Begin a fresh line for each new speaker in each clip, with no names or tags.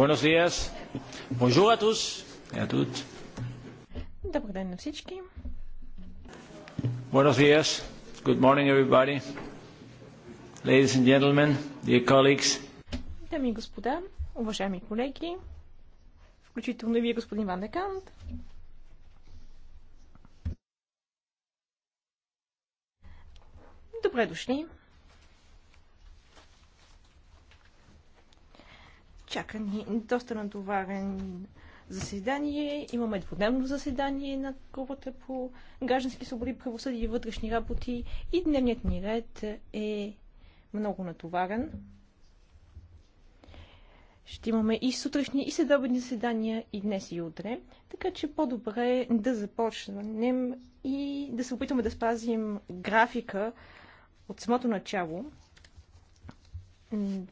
Buenos días. Bonjour à tous et à toutes.
Добър ден на всички.
Buenos días. Good morning, everybody. Ladies and gentlemen, dear
colleagues.
Дами и господа, уважаеми колеги, включително и вие, господин Ван Декант. Добре дошли Чака ни доста натоварен заседание. Имаме двудневно заседание на групата по граждански свободи, правосъдие и вътрешни работи и дневният ни ред е много натоварен. Ще имаме и сутрешни, и следобедни заседания, и днес, и утре. Така че по-добре е да започнем и да се опитаме да спазим графика от самото начало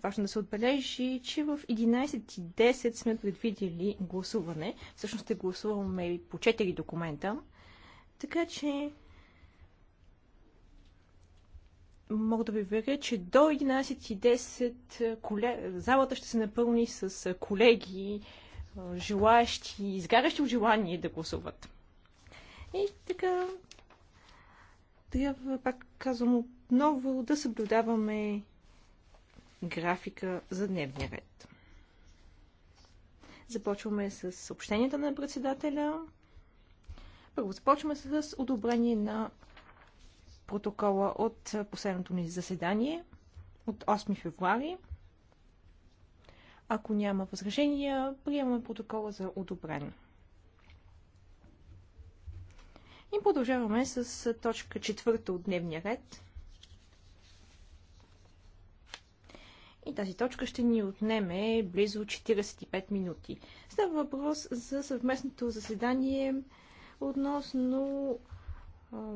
важно да се отбележи, че в 11.10 сме предвидели гласуване. Всъщност ще гласуваме по 4 документа. Така че мога да ви веря, че до 11.10 коле... залата ще се напълни с колеги, желаящи, изгарящи от желание да гласуват. И така, трябва, пак казвам отново, да съблюдаваме графика за дневния ред. Започваме с съобщенията на председателя. Първо започваме с одобрение на протокола от последното ни заседание от 8 февруари. Ако няма възражения, приемаме протокола за одобрен. И продължаваме с точка четвърта от дневния ред. и тази точка ще ни отнеме близо 45 минути. Става въпрос за съвместното заседание относно а,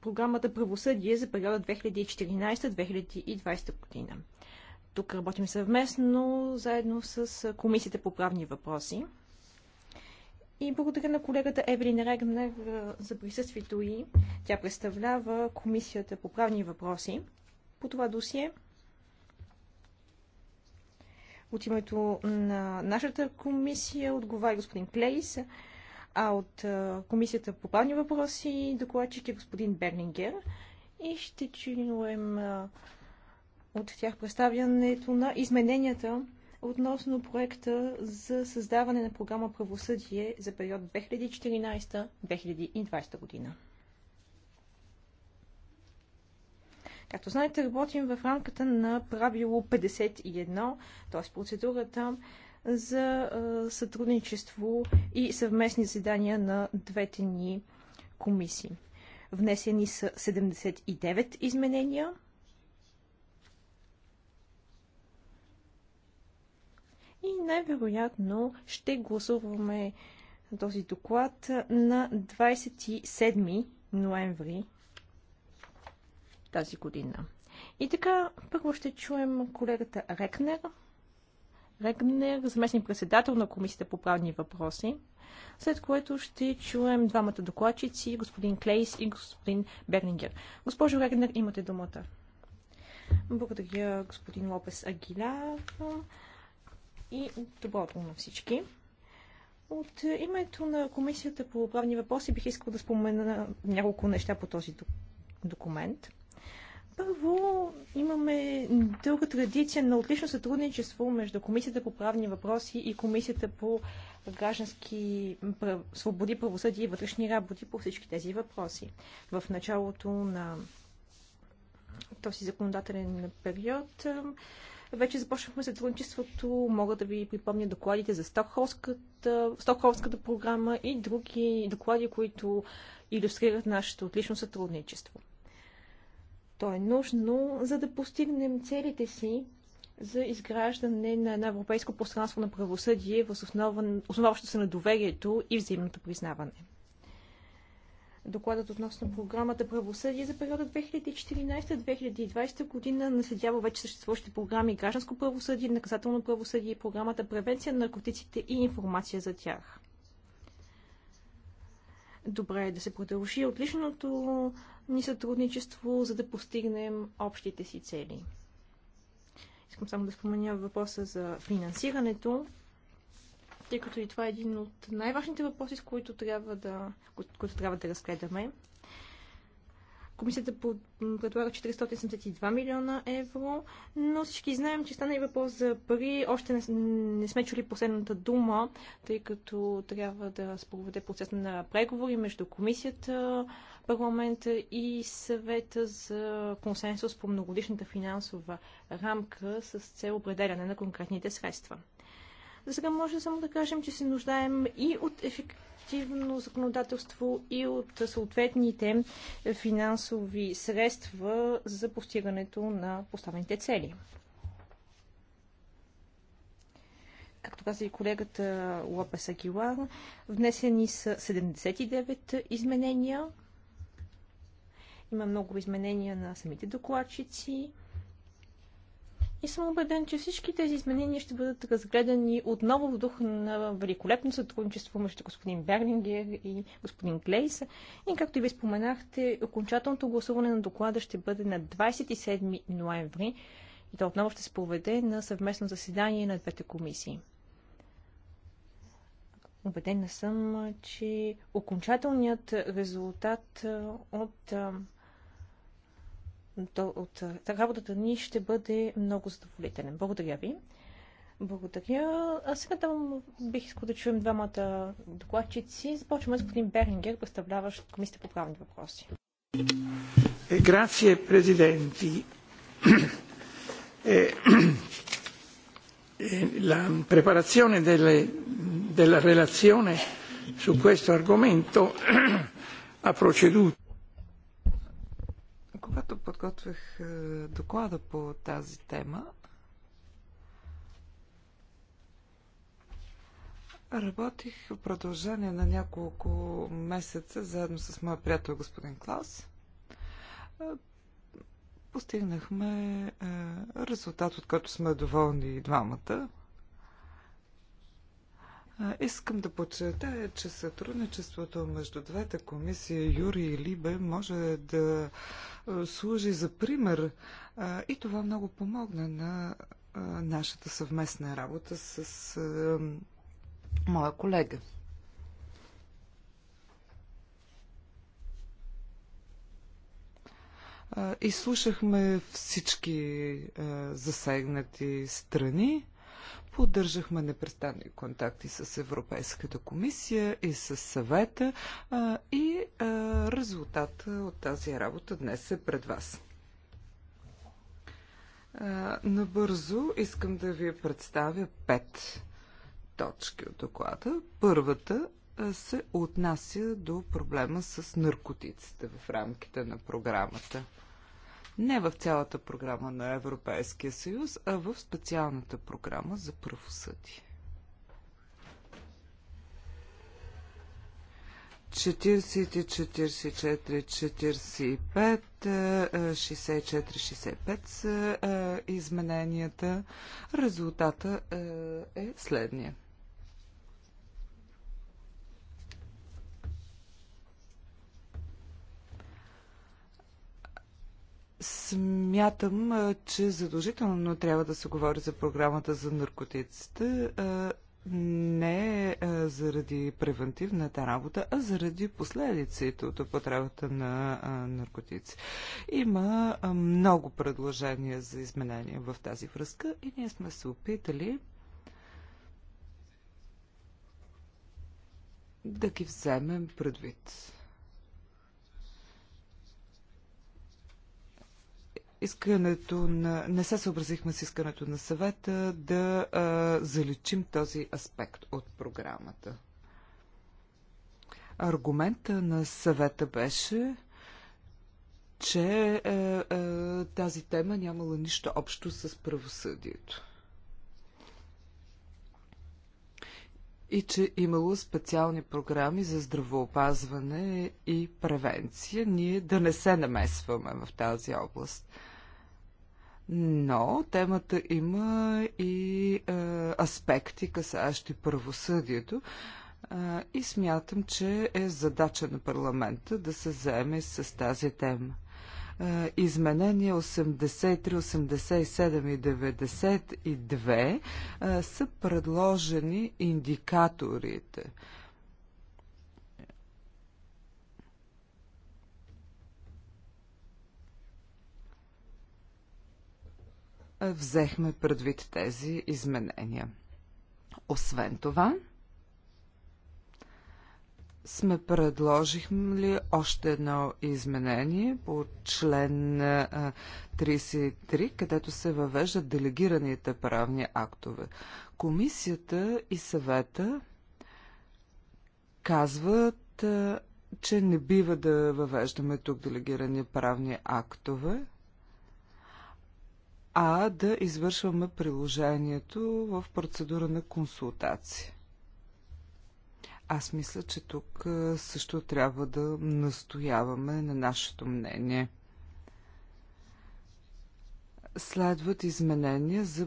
програмата Правосъдие за периода 2014-2020 година. Тук работим съвместно, заедно с Комисията по правни въпроси. И благодаря на колегата Евелин Регнер за присъствието й. Тя представлява Комисията по правни въпроси по това досие. От името на нашата комисия отговаря господин Клейс, а от комисията по правни въпроси докладчик е господин Бернингер, И ще чуем от тях представянето на измененията относно проекта за създаване на програма правосъдие за период 2014-2020 година. Както знаете, работим в рамката на правило 51, т.е. процедурата за сътрудничество и съвместни задания на двете ни комисии. Внесени са 79 изменения. И най-вероятно ще гласуваме този доклад на 27 ноември тази година. И така, първо ще чуем колегата Рекнер. Регнер, заместник председател на Комисията по правни въпроси, след което ще чуем двамата докладчици, господин Клейс и господин Бернингер. Госпожо Регнер, имате думата. Благодаря, господин Лопес Агиляр и добро утро на всички. От името на Комисията по правни въпроси бих искал да спомена няколко неща по този документ. Първо, имаме дълга традиция на отлично сътрудничество между Комисията по правни въпроси и Комисията по граждански прав... свободи, правосъдие и вътрешни работи по всички тези въпроси. В началото на този законодателен период вече започнахме сътрудничеството. Мога да ви припомня докладите за Стокхолската, Стокхолската програма и други доклади, които иллюстрират нашето отлично сътрудничество. То е нужно, за да постигнем целите си за изграждане на едно европейско пространство на правосъдие, основаващо се на доверието и взаимното признаване. Докладът относно програмата Правосъдие за периода 2014-2020 година наследява вече съществуващите програми Гражданско правосъдие, Наказателно правосъдие и програмата Превенция на наркотиците и информация за тях. Добре е да се продължи отличното ни сътрудничество, за да постигнем общите си цели. Искам само да споменя въпроса за финансирането, тъй като и това е един от най-важните въпроси, с които трябва да, които трябва да разгледаме. Комисията предлага 472 милиона евро, но всички знаем, че стана и въпрос за пари. Още не, не сме чули последната дума, тъй като трябва да се проведе процес на преговори между комисията, парламента и съвета за консенсус по многодишната финансова рамка с цел определяне на конкретните средства. За сега може само да кажем, че се нуждаем и от ефективно законодателство, и от съответните финансови средства за постигането на поставените цели. както каза и колегата Лопес Агилар, внесени са 79 изменения. Има много изменения на самите докладчици. И съм убеден, че всички тези изменения ще бъдат разгледани отново в дух на великолепно сътрудничество между господин Берлингер и господин Клейс. И както и ви споменахте, окончателното гласуване на доклада ще бъде на 27 ноември и то отново ще се проведе на съвместно заседание на двете комисии. Убедена съм, че окончателният резултат от то от работата ни ще бъде много задоволителен. Благодаря ви. Благодаря. А сега там бих искал да чуем двамата докладчици. Започваме с господин Берингер, представляващ Комисията по правни въпроси.
Е, грация, президенти. La preparazione delle, della relazione su questo argomento ha proceduto подготвях е, доклада по тази тема, работих в продължение на няколко месеца заедно с моя приятел господин Клаус. Е, постигнахме е, резултат, от който сме доволни и двамата. Искам да подчертая, че сътрудничеството между двете комисии, Юри и Либе, може да служи за пример и това много помогна на нашата съвместна работа с моя колега. Изслушахме всички засегнати страни Поддържахме непрестанни контакти с Европейската комисия и с съвета и резултата от тази работа днес е пред вас. Набързо искам да ви представя пет точки от доклада. Първата се отнася до проблема с наркотиците в рамките на програмата не в цялата програма на Европейския съюз, а в специалната програма за правосъдие. 40-44-45, 64-65 са измененията. Резултата е следния. Смятам, че задължително трябва да се говори за програмата за наркотиците не заради превентивната работа, а заради последиците от употребата на наркотици. Има много предложения за изменения в тази връзка и ние сме се опитали да ги вземем предвид. искането на... Не се съобразихме с искането на съвета да а, заличим този аспект от програмата. Аргумента на съвета беше, че е, е, тази тема нямала нищо общо с правосъдието. и че имало специални програми за здравоопазване и превенция. Ние да не се намесваме в тази област. Но темата има и е, аспекти, касащи правосъдието. Е, и смятам, че е задача на парламента да се заеме с тази тема. Е, изменения 83, 87 и 92 е, са предложени индикаторите. Взехме предвид тези изменения. Освен това, сме предложихме още едно изменение по член 33, където се въвеждат делегираните правни актове. Комисията и съвета казват, че не бива да въвеждаме тук делегирани правни актове, а да извършваме приложението в процедура на консултация. Аз мисля, че тук също трябва да настояваме на нашето мнение следват изменения за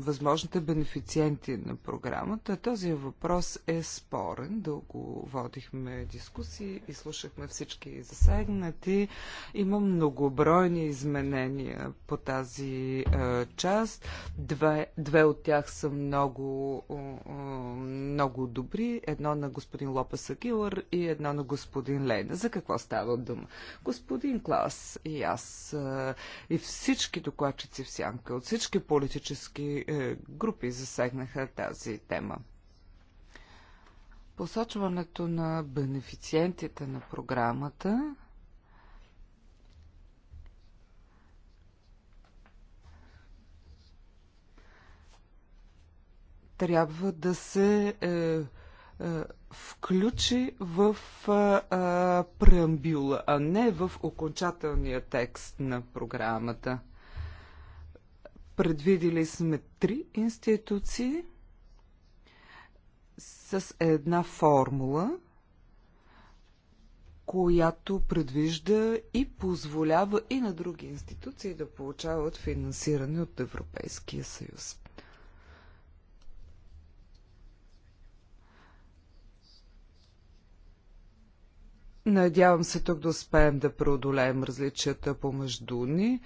възможните бенефициенти на програмата. Този въпрос е спорен. Дълго водихме дискусии и слушахме всички засегнати. Има многобройни изменения по тази е, част. Две, две от тях са много, е, много добри. Едно на господин Лопес Агилър и едно на господин Лейна. За какво става дума? Господин Клас и аз е, и всички докладчици политици в сянка от всички политически е, групи засегнаха тази тема. Посочването на бенефициентите на програмата трябва да се е, е, включи в е, е преамбюла, а не в окончателния текст на програмата. Предвидили сме три институции с една формула, която предвижда и позволява и на други институции да получават финансиране от Европейския съюз. Надявам се тук да успеем да преодолеем различията помежду ни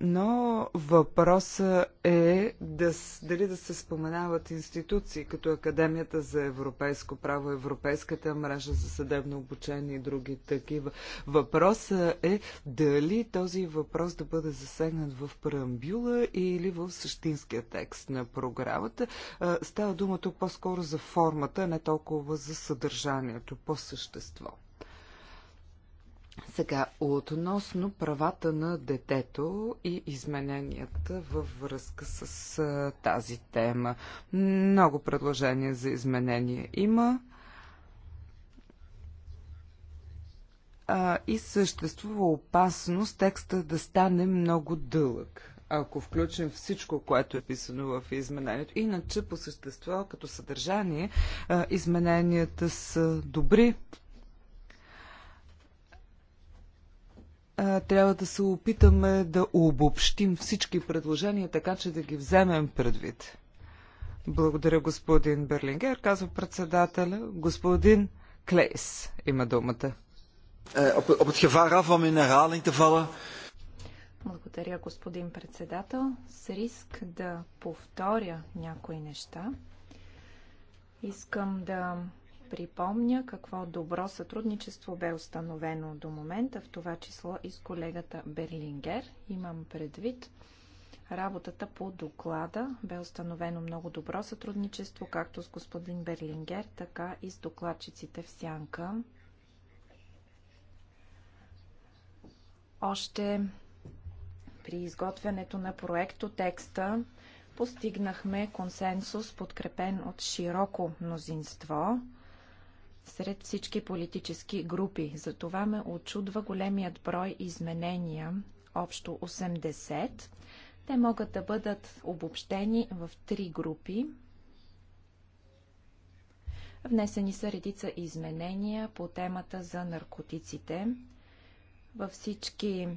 но въпросът е да, дали да се споменават институции, като Академията за европейско право, Европейската мрежа за съдебно обучение и други такива. Въпросът е дали този въпрос да бъде засегнат в преамбюла или в същинския текст на програмата. Става дума тук по-скоро за формата, не толкова за съдържанието, по същество. Сега, относно правата на детето и измененията във връзка с а, тази тема. Много предложения за изменения има. А, и съществува опасност текста да стане много дълъг, ако включим всичко, което е писано в изменението. Иначе, по същество, като съдържание, а, измененията са добри, Е, трябва да се опитаме да обобщим всички предложения, така че да ги вземем предвид. Благодаря, господин Берлингер, казва председателя. Господин Клейс има думата. Е,
Благодаря, господин председател. С риск да повторя някои неща, искам да припомня какво добро сътрудничество бе установено до момента, в това число и с колегата Берлингер. Имам предвид работата по доклада. Бе установено много добро сътрудничество, както с господин Берлингер, така и с докладчиците в Сянка. Още при изготвянето на проекто текста постигнахме консенсус, подкрепен от широко мнозинство сред всички политически групи. Затова ме очудва големият брой изменения, общо 80. Те могат да бъдат обобщени в три групи. Внесени са редица изменения по темата за наркотиците. Във всички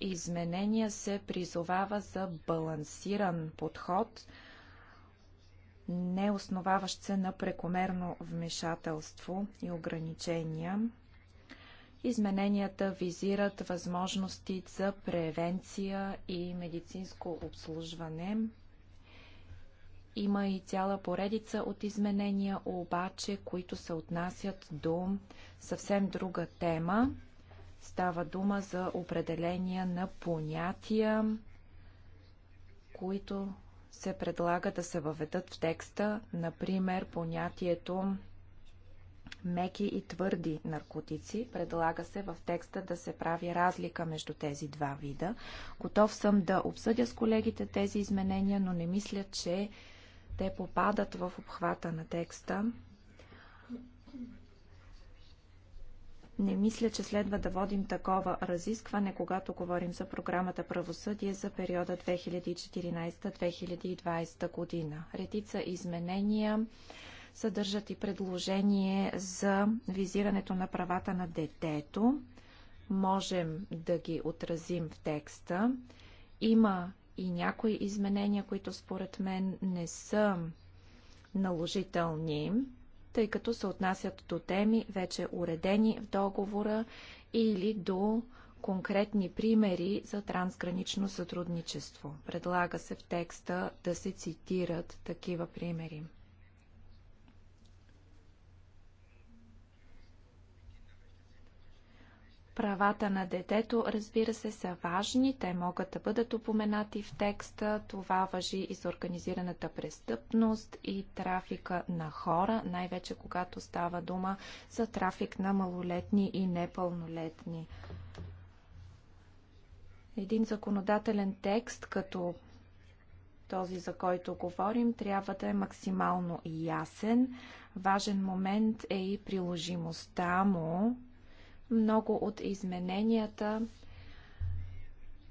изменения се призовава за балансиран подход – не основаващ се на прекомерно вмешателство и ограничения. Измененията визират възможности за превенция и медицинско обслужване. Има и цяла поредица от изменения, обаче, които се отнасят до съвсем друга тема. Става дума за определения на понятия, които се предлага да се въведат в текста, например, понятието меки и твърди наркотици. Предлага се в текста да се прави разлика между тези два вида. Готов съм да обсъдя с колегите тези изменения, но не мисля, че те попадат в обхвата на текста. Не мисля, че следва да водим такова разискване, когато говорим за програмата правосъдие за периода 2014-2020 година. Редица изменения съдържат и предложение за визирането на правата на детето. Можем да ги отразим в текста. Има и някои изменения, които според мен не са наложителни тъй като се отнасят до теми, вече уредени в договора или до конкретни примери за трансгранично сътрудничество. Предлага се в текста да се цитират такива примери. Правата на детето, разбира се, са важни. Те могат да бъдат упоменати в текста. Това въжи и за организираната престъпност и трафика на хора, най-вече когато става дума за трафик на малолетни и непълнолетни. Един законодателен текст, като този, за който говорим, трябва да е максимално ясен. Важен момент е и приложимостта му много от измененията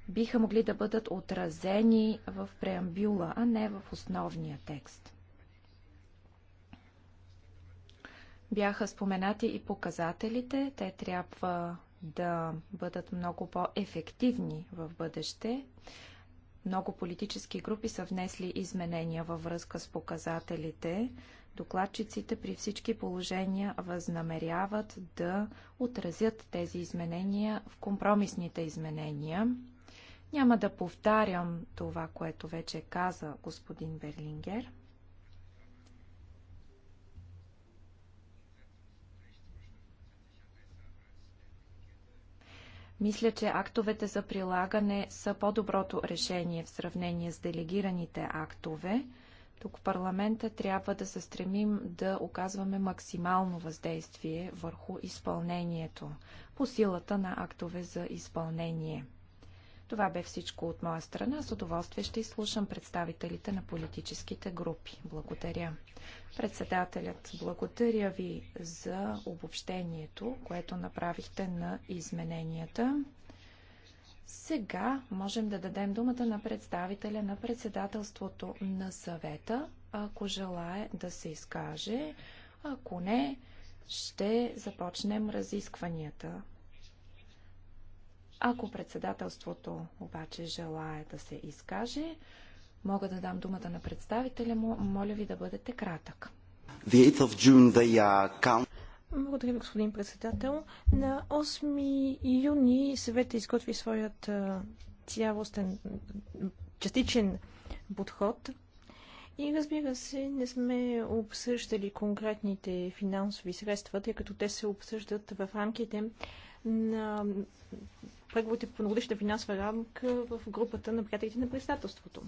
биха могли да бъдат отразени в преамбюла, а не в основния текст. Бяха споменати и показателите. Те трябва да бъдат много по-ефективни в бъдеще. Много политически групи са внесли изменения във връзка с показателите. Докладчиците при всички положения възнамеряват да отразят тези изменения в компромисните изменения. Няма да повтарям това, което вече каза господин Берлингер. Мисля, че актовете за прилагане са по-доброто решение в сравнение с делегираните актове. Тук в парламента трябва да се стремим да оказваме максимално въздействие върху изпълнението по силата на актове за изпълнение. Това бе всичко от моя страна. С удоволствие ще изслушам представителите на политическите групи. Благодаря. Председателят, благодаря ви за обобщението, което направихте на измененията. Сега можем да дадем думата на представителя на председателството на съвета, ако желае да се изкаже. Ако не, ще започнем разискванията. Ако председателството обаче желае да се изкаже, мога да дам думата на представителя му. Моля ви да бъдете кратък. The 8th of June,
uh,
благодаря господин председател. На 8 юни съвета изготви своят цялостен, частичен подход. И разбира се, не сме обсъждали конкретните финансови средства, тъй като те се обсъждат в рамките на преговорите по многодишна финансова рамка в групата на приятелите на председателството.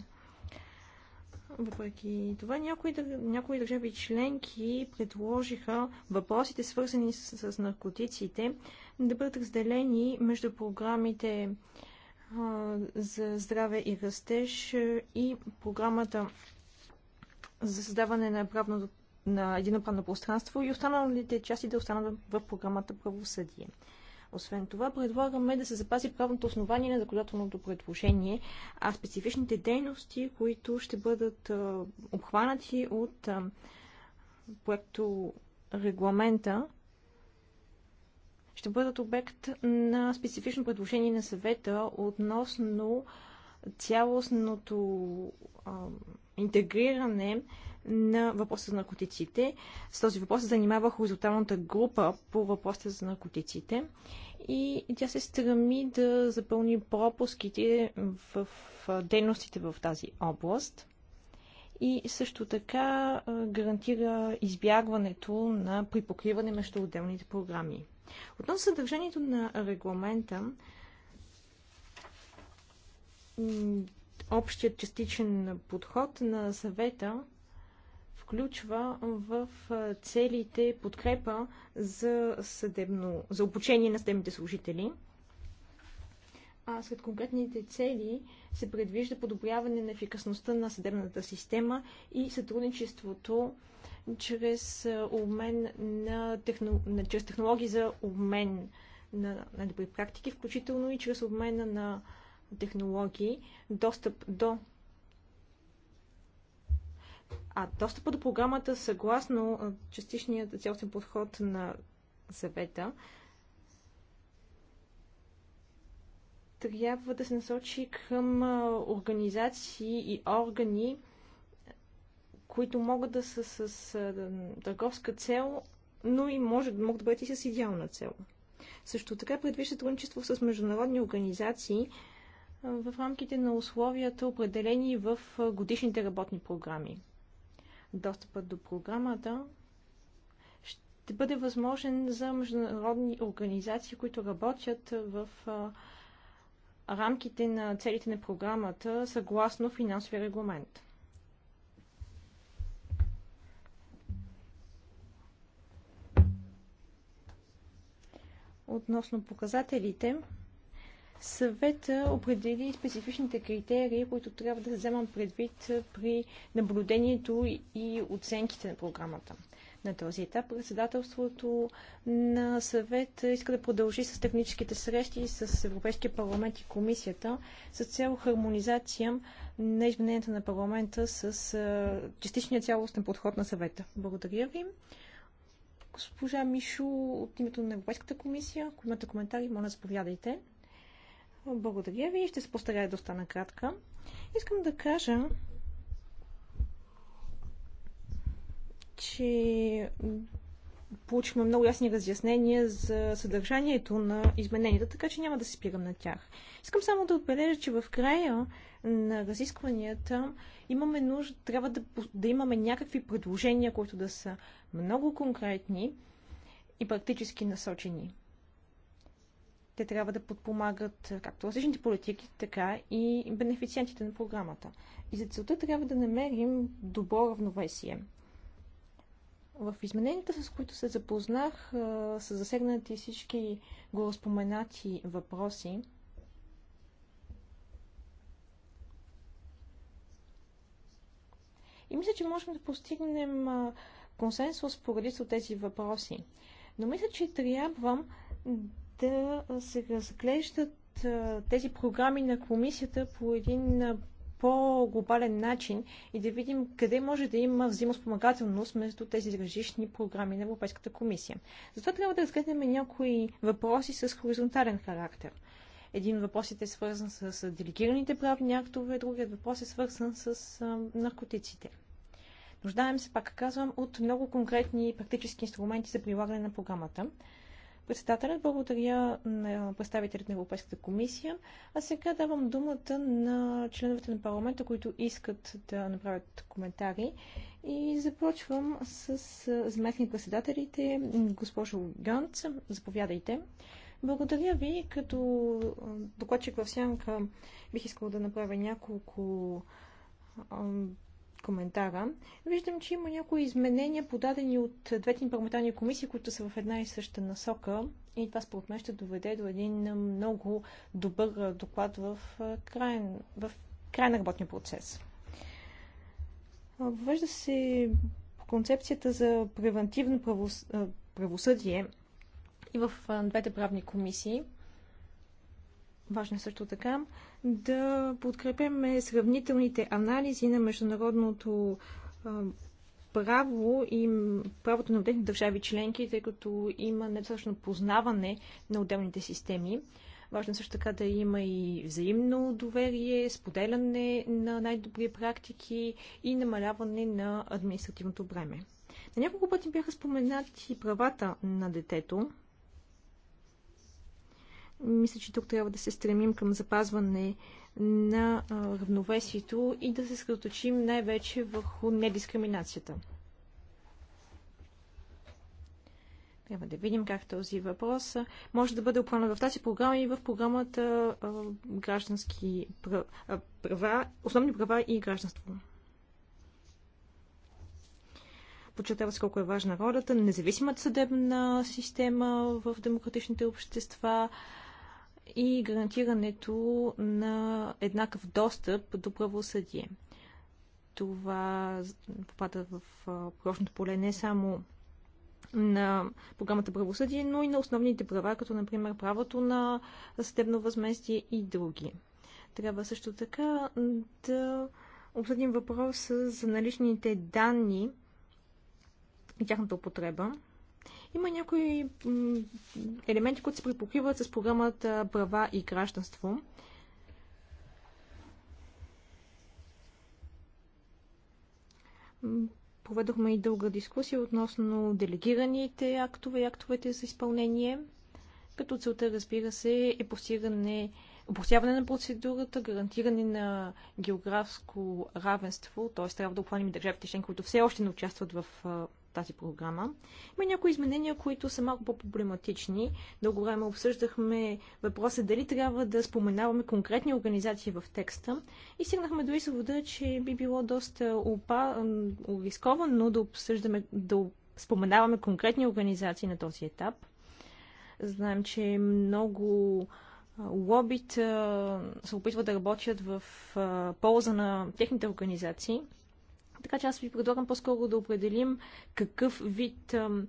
Въпреки това, някои, някои държави членки предложиха въпросите, свързани с, с наркотиците, да бъдат разделени между програмите а, за здраве и растеж и програмата за създаване на, правно, на едино правно пространство и останалите части да останат в програмата правосъдие. Освен това, предлагаме да се запази правното основание на законодателното предложение, а специфичните дейности, които ще бъдат обхванати от проекто регламента, ще бъдат обект на специфично предложение на съвета относно цялостното а, интегриране на въпроса за наркотиците. С този въпрос се занимава хоризонталната група по въпросите за наркотиците и тя се стреми да запълни пропуските в дейностите в тази област и също така гарантира избягването на припокриване между отделните програми. Относно съдържанието на регламента, общият частичен подход на съвета включва в целите подкрепа за, съдебно, за обучение на съдебните служители. А след конкретните цели се предвижда подобряване на ефикасността на съдебната система и сътрудничеството чрез обмен на, техно, на чрез технологии за обмен на, на добри практики, включително и чрез обмена на технологии, достъп до а достъпа до програмата, съгласно частичният цялостен подход на съвета, трябва да се насочи към организации и органи, които могат да са с, търговска цел, но и може, могат да бъдат и с идеална цел. Също така предвижда сътрудничество с международни организации в рамките на условията, определени в годишните работни програми достъпът до програмата ще бъде възможен за международни организации, които работят в рамките на целите на програмата съгласно финансовия регламент. Относно показателите, Съвета определи специфичните критерии, които трябва да се вземат предвид при наблюдението и оценките на програмата. На този етап председателството на съвет иска да продължи с техническите срещи с Европейския парламент и комисията с цел хармонизация на измененията на парламента с частичния цялостен подход на съвета. Благодаря ви. Госпожа Мишо от името на Европейската комисия, ако имате коментари, моля да заповядайте. Благодаря ви. и Ще се постарая да остана кратка. Искам да кажа, че получихме много ясни разяснения за съдържанието на измененията, така че няма да се спирам на тях. Искам само да отбележа, че в края на разискванията имаме нужда, трябва да, да имаме някакви предложения, които да са много конкретни и практически насочени. Те трябва да подпомагат както различните политики, така и бенефициентите на програмата. И за целта трябва да намерим добро равновесие. В измененията, с които се запознах, са засегнати всички гореспоменати въпроси. И мисля, че можем да постигнем консенсус по редица от тези въпроси. Но мисля, че трябва да се разглеждат тези програми на комисията по един по-глобален начин и да видим къде може да има взаимоспомагателност между тези различни програми на Европейската комисия. Затова трябва да разгледаме някои въпроси с хоризонтален характер. Един от въпросите е свързан с делегираните правни актове, другият въпрос е свързан с наркотиците. Нуждаем се, пак казвам, от много конкретни практически инструменти за прилагане на програмата. Председателят благодаря на представителите на Европейската комисия. А сега давам думата на членовете на парламента, които искат да направят коментари. И започвам с заместни председателите. Госпожо Гант, заповядайте. Благодаря ви. Като докладчик в сянка бих искала да направя няколко коментара. Виждам, че има някои изменения, подадени от двете парламентарни комисии, които са в една и съща насока. И това според мен ще доведе до един много добър доклад в край, в край на работния процес. Въвежда се концепцията за превентивно правос... правосъдие и в двете правни комисии. Важно е също така да подкрепяме сравнителните анализи на международното право и правото на отделните държави членки, тъй като има недостатъчно познаване на отделните системи. Важно е също така да има и взаимно доверие, споделяне на най-добри практики и намаляване на административното бреме. На няколко пъти бяха споменати правата на детето. Мисля, че тук трябва да се стремим към запазване на равновесието и да се съсредоточим най-вече върху недискриминацията. Трябва да видим как този въпрос може да бъде оплана в тази програма и в програмата граждански права, основни права и гражданство. Почетава се колко е важна ролята на независимата съдебна система в демократичните общества, и гарантирането на еднакъв достъп до правосъдие. Това попада в прочното поле не само на програмата правосъдие, но и на основните права, като например правото на съдебно възместие и други. Трябва също така да обсъдим въпроса за наличните данни и тяхната употреба. Има някои елементи, които се припокриват с програмата Права и гражданство. Проведохме и дълга дискусия относно делегираните актове и актовете за изпълнение, като целта, разбира се, е постигане Обосяване на процедурата, гарантиране на географско равенство, т.е. трябва да обхванем държавите член, които все още не участват в тази програма. Има някои изменения, които са малко по-проблематични. Дълго време обсъждахме въпроса дали трябва да споменаваме конкретни организации в текста и стигнахме до извода, че би било доста опа... рисковано да обсъждаме, да споменаваме конкретни организации на този етап. Знаем, че много лобита се опитват да работят в полза на техните организации. Така че аз ви предлагам по-скоро да определим какъв вид ам,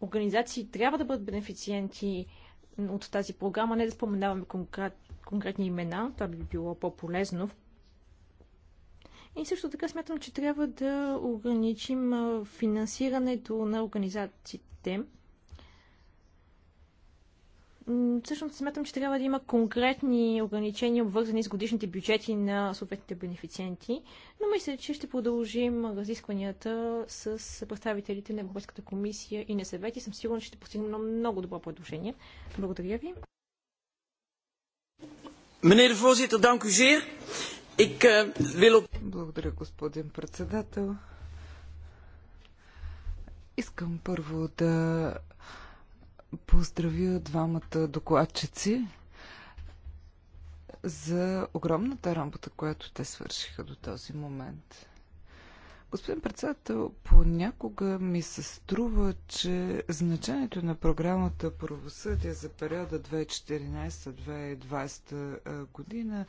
организации трябва да бъдат бенефициенти от тази програма, не да споменаваме конкрет, конкретни имена, това би било по-полезно. И също така смятам, че трябва да ограничим финансирането на организациите, всъщност смятам, че трябва да има конкретни ограничения, обвързани с годишните бюджети на съответните бенефициенти, но мисля, че ще продължим разискванията с представителите на Европейската комисия и на съвет и съм сигурна, че ще постигнем много добро предложение. Благодаря ви.
Eh, Благодаря, господин председател. Искам първо да поздравя двамата докладчици за огромната работа, която те свършиха до този момент. Господин председател, понякога ми се струва, че значението на програмата Правосъдие за периода 2014-2020 година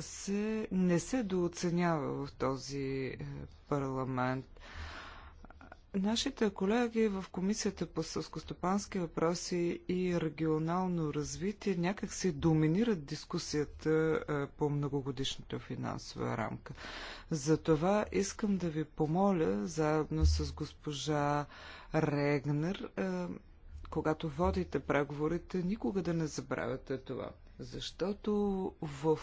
се, не се дооценява в този парламент. Нашите колеги в Комисията по сълскостопански въпроси и регионално развитие някак си доминират дискусията по многогодишната финансова рамка. Затова искам да ви помоля, заедно с госпожа Регнер, когато водите преговорите, никога да не забравяте това. Защото в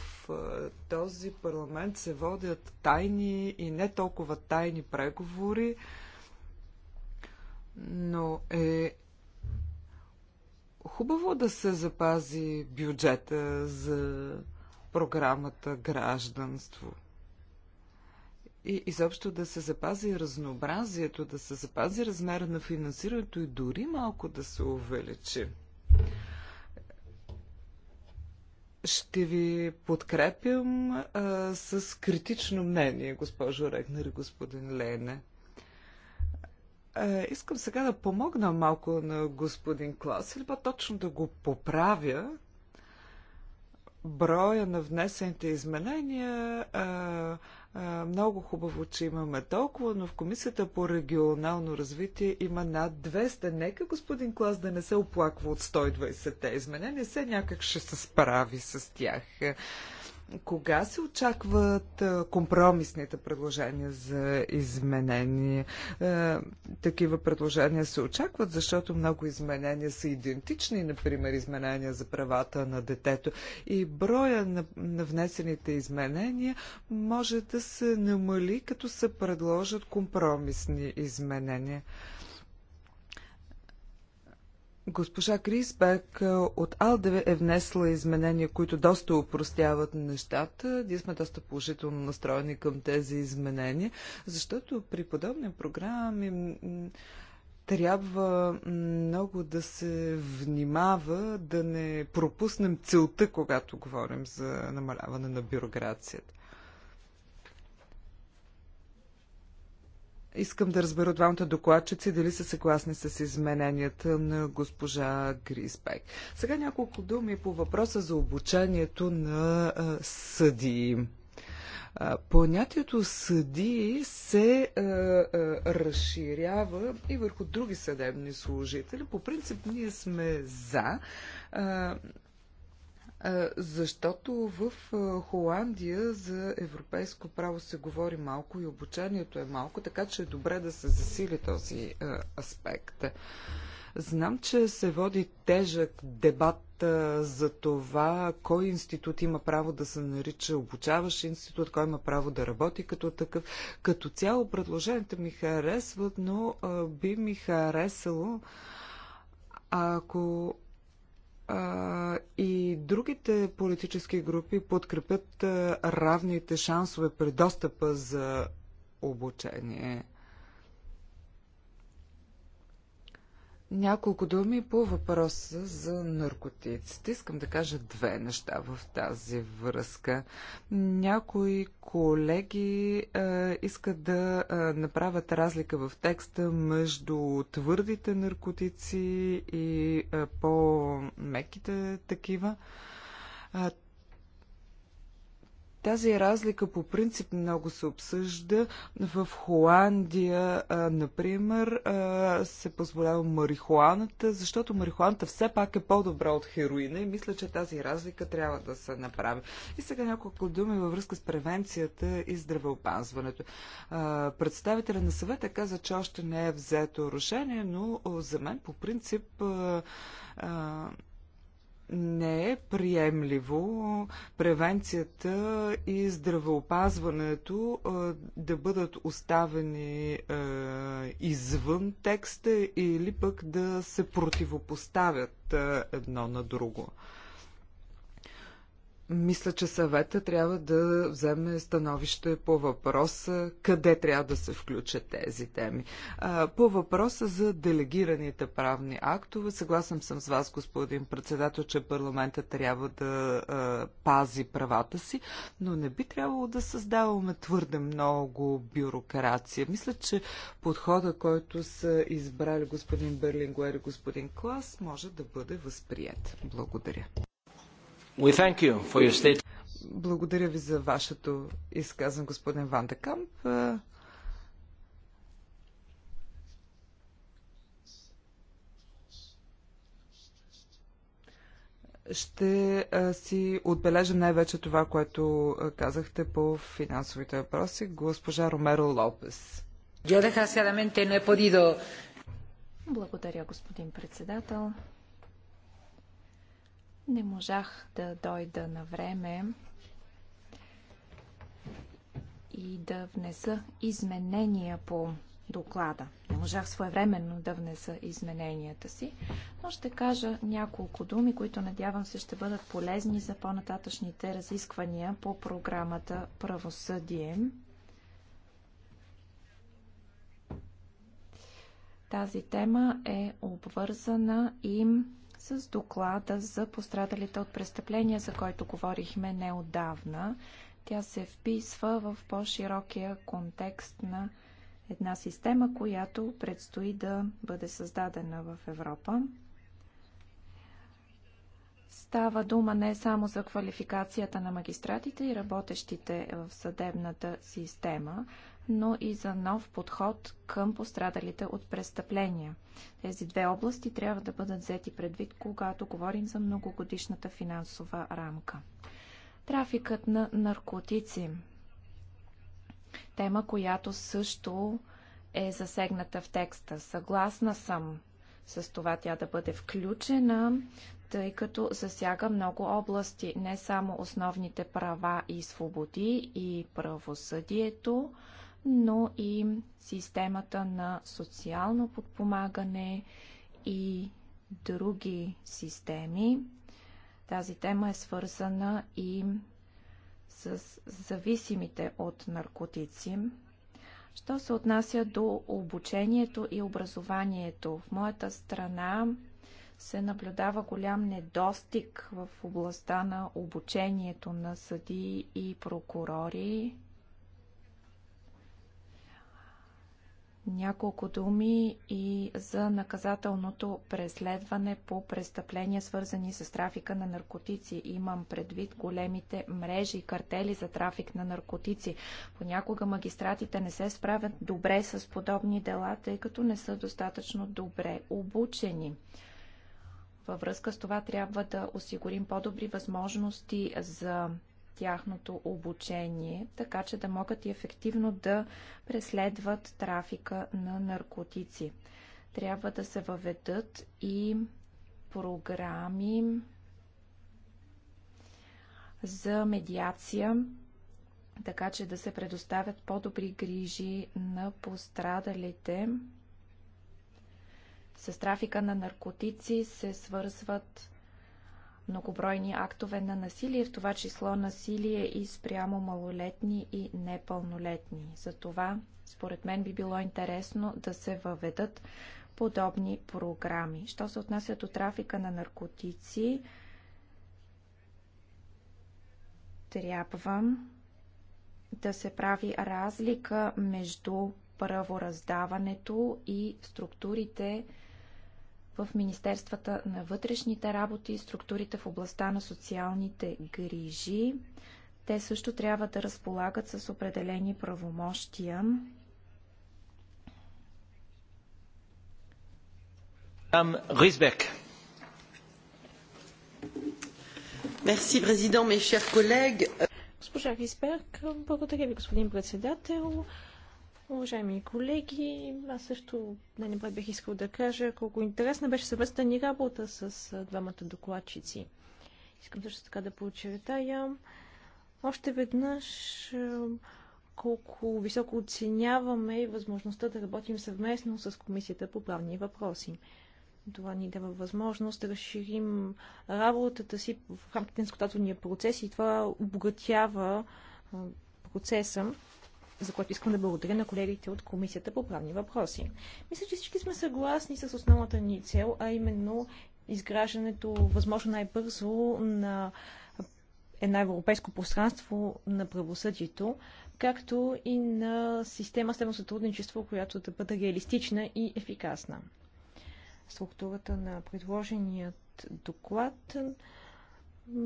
този парламент се водят тайни и не толкова тайни преговори, но е хубаво да се запази бюджета за програмата гражданство. И изобщо да се запази разнообразието, да се запази размера на финансирането и дори малко да се увеличи. Ще ви подкрепям а, с критично мнение, госпожо Регнер и господин Лене. Е, искам сега да помогна малко на господин Клас, или по-точно да го поправя. Броя на внесените изменения. Е, е, много хубаво, че имаме толкова, но в Комисията по регионално развитие има над 200. Нека господин Клас да не се оплаква от 120-те изменения, се някак ще се справи с тях. Кога се очакват компромисните предложения за изменение? Такива предложения се очакват, защото много изменения са идентични, например изменения за правата на детето. И броя на, на внесените изменения може да се намали, като се предложат компромисни изменения. Госпожа Крисбек е, от Алдеве е внесла изменения, които доста упростяват нещата. Ние сме доста положително настроени към тези изменения, защото при подобни програми трябва много да се внимава да не пропуснем целта, когато говорим за намаляване на бюрокрацията. Искам да разбера от двамата докладчици дали са съгласни с измененията на госпожа Грисбек. Сега няколко думи по въпроса за обучението на съдии. Понятието съдии се а, а, разширява и върху други съдебни служители. По принцип ние сме за а, защото в Холандия за европейско право се говори малко и обучението е малко, така че е добре да се засили този аспект. Знам, че се води тежък дебат за това кой институт има право да се нарича обучаващ институт, кой има право да работи като такъв. Като цяло предложенията ми харесват, но би ми харесало ако а, и другите политически групи подкрепят а, равните шансове при достъпа за обучение. Няколко думи по въпроса за наркотиците. Искам да кажа две неща в тази връзка. Някои колеги е, искат да е, направят разлика в текста между твърдите наркотици и е, по-меките такива. Е, тази разлика по принцип много се обсъжда. В Холандия, например, се позволява марихуаната, защото марихуаната все пак е по-добра от хероина и мисля, че тази разлика трябва да се направи. И сега няколко думи във връзка с превенцията и здравеопазването. Представителя на съвета каза, че още не е взето решение, но за мен по принцип не е приемливо превенцията и здравеопазването да бъдат оставени извън текста или пък да се противопоставят едно на друго. Мисля, че съвета трябва да вземе становище по въпроса къде трябва да се включат тези теми. По въпроса за делегираните правни актове, съгласен съм с вас, господин председател, че парламента трябва да пази правата си, но не би трябвало да създаваме твърде много бюрокрация. Мисля, че подхода, който са избрали господин Берлингуер и господин Клас, може да бъде възприят. Благодаря.
We thank you for your state.
Благодаря ви за вашето изказване, господин Ван Декамп. Ще си отбележа най-вече това, което казахте по финансовите въпроси. Госпожа Ромеро Лопес.
Благодаря, господин председател. Не можах да дойда на време и да внеса изменения по доклада. Не можах своевременно да внеса измененията си, но ще кажа няколко думи, които надявам се ще бъдат полезни за по-нататъчните разисквания по програмата Правосъдие. Тази тема е обвързана и с доклада за пострадалите от престъпления, за който говорихме неодавна. Тя се вписва в по-широкия контекст на една система, която предстои да бъде създадена в Европа. Става дума не само за квалификацията на магистратите и работещите в съдебната система, но и за нов подход към пострадалите от престъпления. Тези две области трябва да бъдат взети предвид, когато говорим за многогодишната финансова рамка. Трафикът на наркотици. Тема, която също е засегната в текста. Съгласна съм с това тя да бъде включена, тъй като засяга много области, не само основните права и свободи и правосъдието, но и системата на социално подпомагане и други системи. Тази тема е свързана и с зависимите от наркотици. Що се отнася до обучението и образованието, в моята страна се наблюдава голям недостиг в областта на обучението на съдии и прокурори. Няколко думи и за наказателното преследване по престъпления, свързани с трафика на наркотици. Имам предвид големите мрежи и картели за трафик на наркотици. Понякога магистратите не се справят добре с подобни дела, тъй като не са достатъчно добре обучени. Във връзка с това трябва да осигурим по-добри възможности за тяхното обучение, така че да могат и ефективно да преследват трафика на наркотици. Трябва да се въведат и програми за медиация, така че да се предоставят по-добри грижи на пострадалите. С трафика на наркотици се свързват многобройни актове на насилие, в това число насилие и спрямо малолетни и непълнолетни. Затова, според мен, би било интересно да се въведат подобни програми. Що се отнася до трафика на наркотици, трябва да се прави разлика между правораздаването и структурите, в Министерствата на вътрешните работи и структурите в областта на социалните грижи. Те също трябва да разполагат с определени правомощия.
Ризбек. Мерси, президент, mes chers Госпожа Ризбек, благодаря ви, господин председател. Уважаеми колеги, аз също не напред бих искал да кажа колко интересна беше съвместната ни работа с двамата докладчици. Искам също така да подчертая още веднъж колко високо оценяваме възможността да работим съвместно с Комисията по правни въпроси. Това ни дава възможност да разширим работата си в рамките на скотателния процес и това обогатява процеса за което искам да благодаря на колегите от Комисията по правни въпроси. Мисля, че всички сме съгласни с основната ни цел, а именно изграждането възможно най-бързо на едно европейско пространство на правосъдието, както и на система следно сътрудничество, която да бъде реалистична и ефикасна. Структурата на предложеният доклад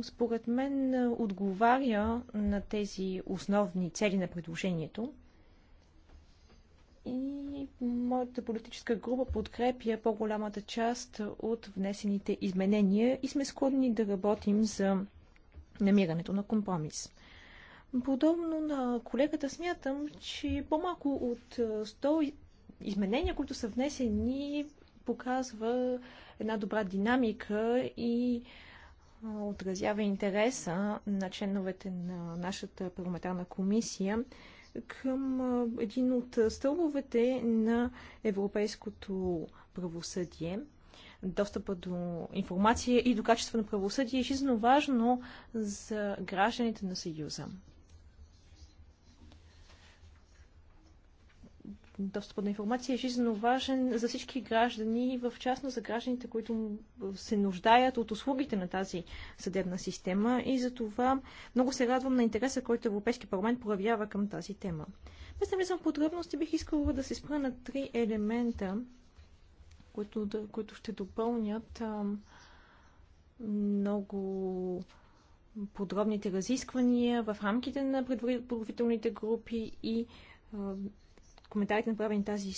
според мен е, отговаря на тези основни цели на предложението. И моята политическа група подкрепя по-голямата част от внесените изменения и сме склонни да работим за намирането на компромис. Подобно на колегата смятам, че по-малко от 100 изменения, които са внесени, показва една добра динамика и отразява интереса на членовете на нашата парламентарна комисия към един от стълбовете на европейското правосъдие. Достъпа до информация и до качество на правосъдие е жизненно важно за гражданите на Съюза. достъпа до информация е жизненно важен за всички граждани, в частност за гражданите, които се нуждаят от услугите на тази съдебна система и за това много се радвам на интереса, който Европейски парламент проявява към тази тема. Без да влизам подробности, бих искала да се спра на три елемента, които, да, които ще допълнят а, много подробните разисквания в рамките на предварителните групи и коментарите направени тази,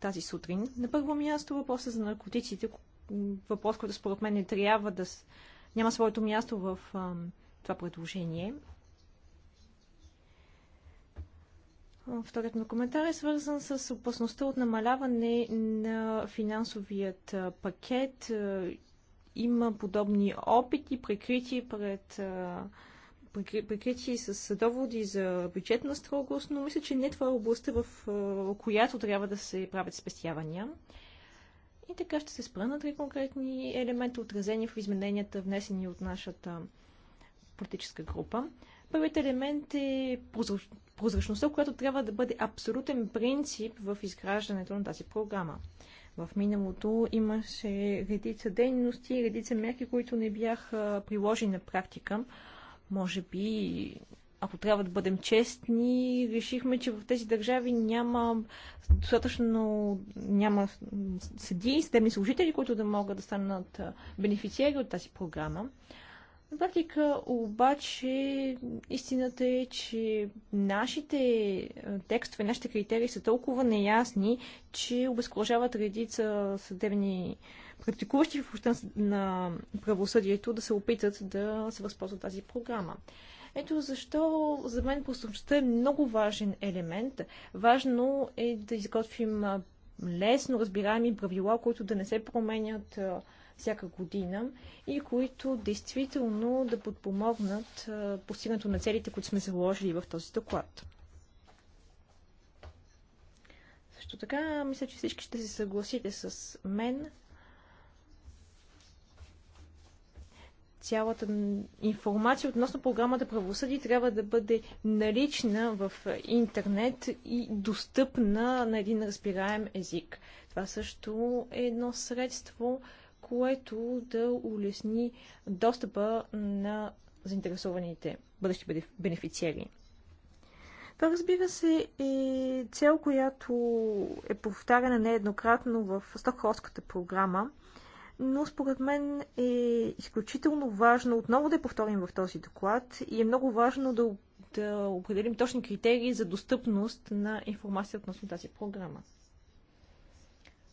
тази сутрин. На първо място въпроса за наркотиците, въпрос, който според мен не трябва да няма своето място в а, това предложение. Вторият ми коментар е свързан с опасността от намаляване на финансовият пакет. Има подобни опити, прикрити пред а, прикрити с доводи за бюджетна строгост, но мисля, че не това е областта, в която трябва да се правят спестявания. И така ще се спра на три конкретни елемента, отразени в измененията, внесени от нашата политическа група. Първият елемент е прозрачността, която трябва да бъде абсолютен принцип в изграждането на тази програма. В миналото имаше редица дейности, редица мерки, които не бяха приложени на практика, може би, ако трябва да бъдем честни, решихме, че в тези държави няма достатъчно няма съди, и съдебни служители, които да могат да станат бенефициери от тази програма. На практика обаче истината е, че нашите текстове, нашите критерии са толкова неясни, че обезкуражават редица съдебни практикуващи в общността на правосъдието да се опитат да се възползват тази програма. Ето защо за мен прозрачността е много важен елемент. Важно е да изготвим лесно разбираеми правила, които да не се променят всяка година и които действително да подпомогнат постигането на целите, които сме заложили в този доклад. Също така, мисля, че всички ще се съгласите с мен, цялата информация относно програмата правосъдие трябва да бъде налична в интернет и достъпна на един разбираем език. Това също е едно средство, което да улесни достъпа на заинтересованите бъдещи бенефициери. Това, разбира се, е цел, която е повтаряна нееднократно в Стокхолската програма – но според мен е изключително важно отново да повторим в този доклад и е много важно да, да определим точни критерии за достъпност на информация относно тази програма.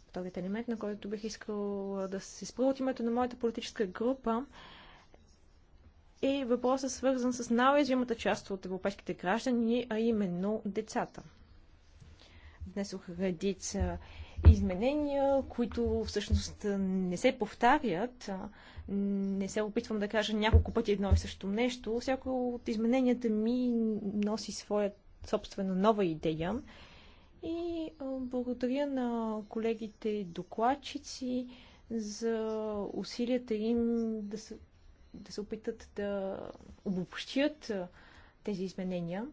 Вторият елемент, на който бих искал да се спра от името на моята политическа група, е въпросът свързан с най-уязвимата част от европейските граждани, а именно децата. Внесох редица изменения, които всъщност не се повтарят. Не се опитвам да кажа няколко пъти едно и също нещо. Всяко от измененията ми носи своя собствена нова идея. И благодаря на колегите докладчици за усилията им да се, да се опитат да обобщят тези изменения.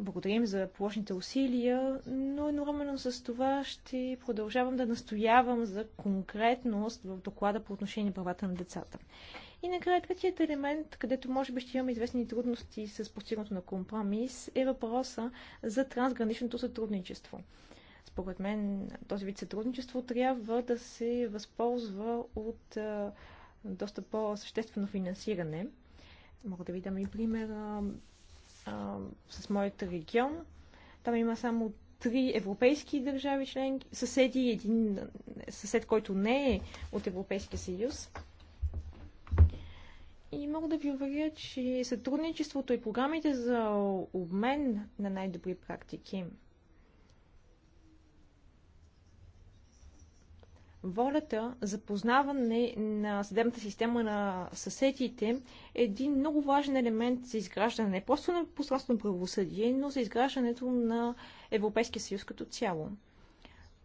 Благодарим за положните усилия, но едновременно с това ще продължавам да настоявам за конкретност в доклада по отношение на правата на децата. И накрая третият елемент, където може би ще имаме известни трудности с постигането на компромис, е въпроса за трансграничното сътрудничество. Според мен този вид сътрудничество трябва да се възползва от а, доста по-съществено финансиране. Мога да ви дам и пример а, с моята регион. Там има само три европейски държави членки, съседи и един съсед, който не е от Европейския съюз. И мога да ви уверя, че сътрудничеството и програмите за обмен на най-добри практики волята за познаване на съдебната система на съседите е един много важен елемент за изграждане не просто на на правосъдие, но за изграждането на Европейския съюз като цяло.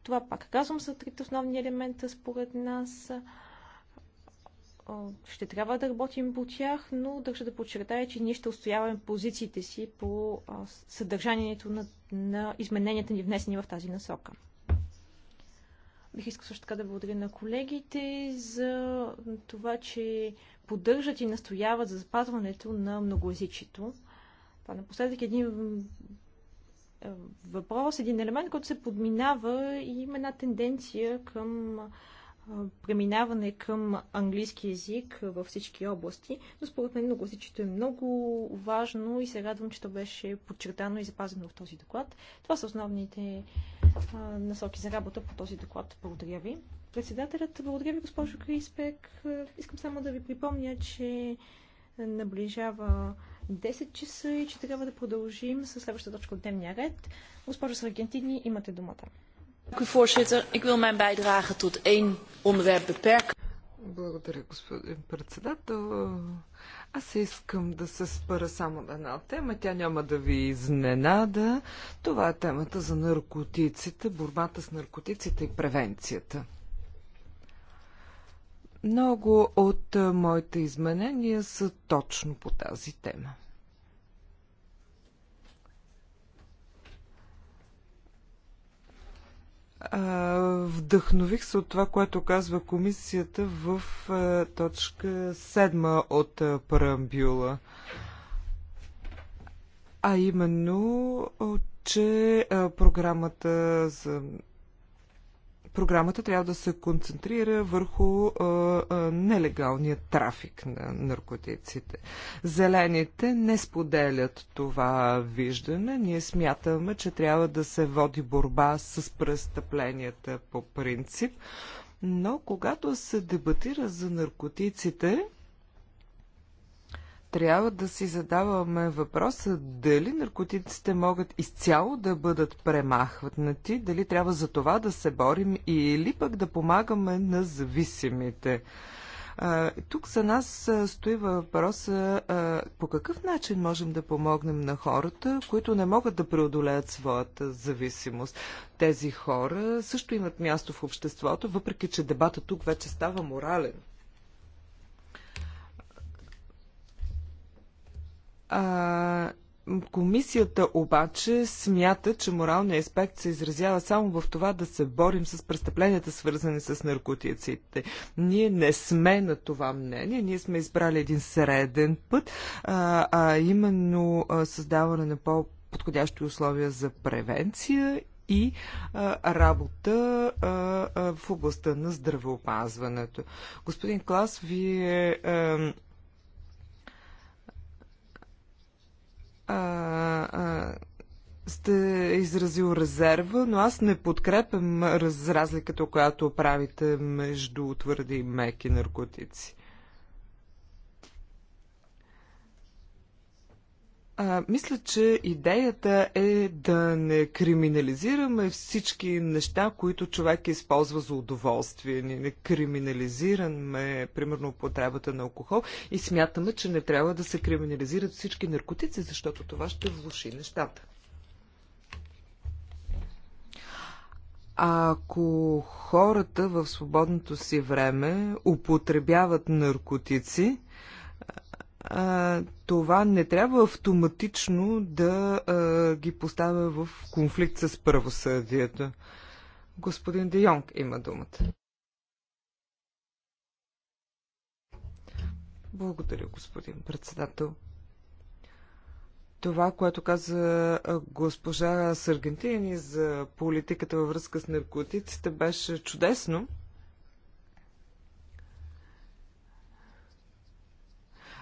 Това пак казвам са трите основни елемента според нас. Ще трябва да работим по тях, но държа да подчертая, че ние ще устояваме позициите си по съдържанието на, на измененията ни внесени в тази насока. Бих искал също така да благодаря на колегите за това, че поддържат и настояват за запазването на многоязичието. Това напоследък е един е, въпрос, един елемент, който се подминава и има една тенденция към преминаване към английски язик във всички области, но според мен много многоязичието е много важно и се радвам, че то беше подчертано и запазено в този доклад. Това са основните а, насоки за работа по този доклад. Благодаря ви. Председателят, благодаря ви, госпожо Криспек. Искам само да ви припомня, че наближава 10 часа и че трябва да продължим с следващата точка от дневния ред. Госпожо Саргентини, имате думата.
Благодаря, господин председател. Аз искам да се спъра само на една тема. Тя няма да ви изненада. Това е темата за наркотиците, борбата с наркотиците и превенцията. Много от моите изменения са точно по тази тема. вдъхнових се от това, което казва комисията в точка 7 от парамбюла. А именно, че програмата за програмата трябва да се концентрира върху а, а, нелегалния трафик на наркотиците. Зелените не споделят това виждане. Ние смятаме, че трябва да се води борба с престъпленията по принцип. Но когато се дебатира за наркотиците, трябва да си задаваме въпроса дали наркотиците могат изцяло да бъдат премахватнати, дали трябва за това да се борим или пък да помагаме на зависимите. Тук за нас стои въпроса по какъв начин можем да помогнем на хората, които не могат да преодолеят своята зависимост. Тези хора също имат място в обществото, въпреки че дебата тук вече става морален. А, комисията обаче смята, че моралният аспект се изразява само в това да се борим с престъпленията, свързани с наркотиците. Ние не сме на това мнение, ние сме избрали един среден път, а, а именно създаване на по- подходящи условия за превенция и а, работа а, а, в областта на здравеопазването. Господин Клас, вие а, а, а, сте изразил резерва, но аз не подкрепям разликата, която правите между твърди и меки наркотици. А, мисля, че идеята е да не криминализираме всички неща, които човек използва за удоволствие. Ние не криминализираме, примерно, употребата на алкохол и смятаме, че не трябва да се криминализират всички наркотици, защото това ще влуши нещата. Ако хората в свободното си време употребяват наркотици, а, това не трябва автоматично да а, ги поставя в конфликт с правосъдието. Господин Де Йонг има думата. Благодаря, господин председател. Това, което каза госпожа Саргентини за политиката във връзка с наркотиците, беше чудесно.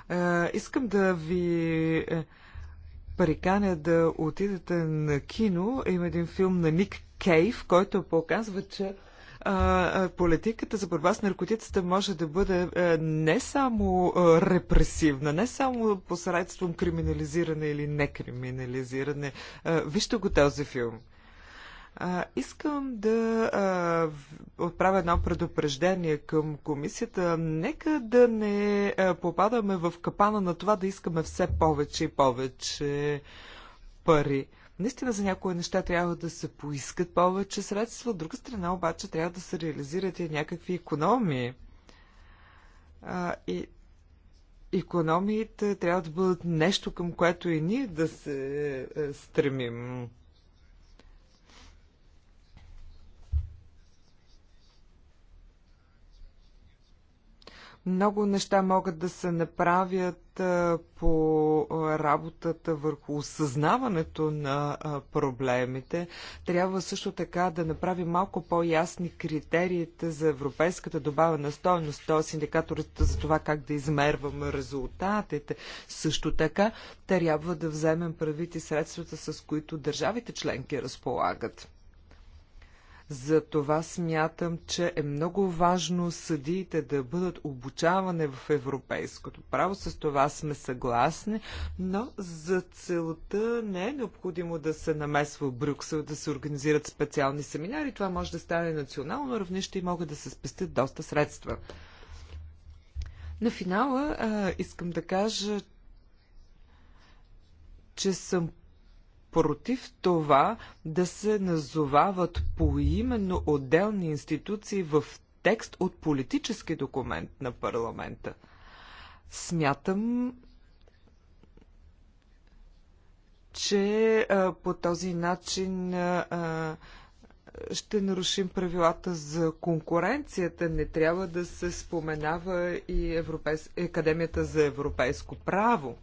Е, искам да ви е, приканя да отидете на кино. Има един филм на Ник Кейв, който показва, че политиката за борба с наркотиците може да бъде е, не само репресивна, не само посредством криминализиране или некриминализиране. Вижте го този филм. А, искам да а, отправя едно предупреждение към комисията. Нека да не а, попадаме в капана на това да искаме все повече и повече пари. Наистина за някои неща трябва да се поискат повече средства, от друга страна обаче трябва да се реализират и някакви економии. А, и економиите трябва да бъдат нещо, към което и ние да се е, стремим. Много неща могат да се направят по работата върху осъзнаването на проблемите. Трябва също така да направим малко по-ясни критериите за европейската добавена стоеност, т.е. индикаторите за това как да измерваме резултатите. Също така трябва да вземем правити средствата, с които държавите членки разполагат. За това смятам, че е много важно съдиите да бъдат обучавани в европейското право. С това сме съгласни, но за целта не е необходимо да се намесва в Брюксел, да се организират специални семинари. Това може да стане национално равнище и могат да се спестят доста средства. На финала а, искам да кажа, че съм против това да се назовават поименно отделни институции в текст от политически документ на парламента. Смятам, че а, по този начин а, ще нарушим правилата за конкуренцията. Не трябва да се споменава и Европейс... Академията за европейско право.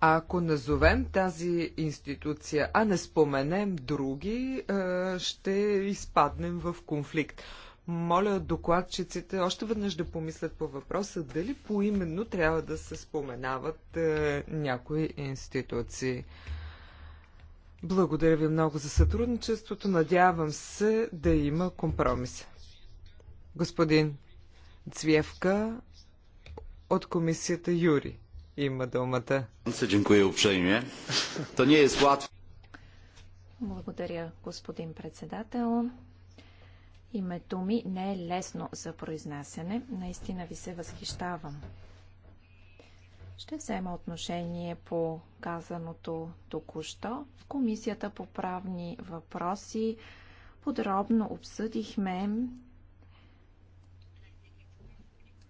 Ако назовем тази институция, а не споменем други, е, ще изпаднем в конфликт. Моля докладчиците още веднъж да помислят по въпроса дали поименно трябва да се споменават е, някои институции. Благодаря ви много за сътрудничеството. Надявам се да има компромис. Господин Цвевка от комисията Юри има думата.
Благодаря, господин председател. Името ми не е лесно за произнасяне. Наистина ви се възхищавам. Ще взема отношение по казаното току-що. В Комисията по правни въпроси подробно обсъдихме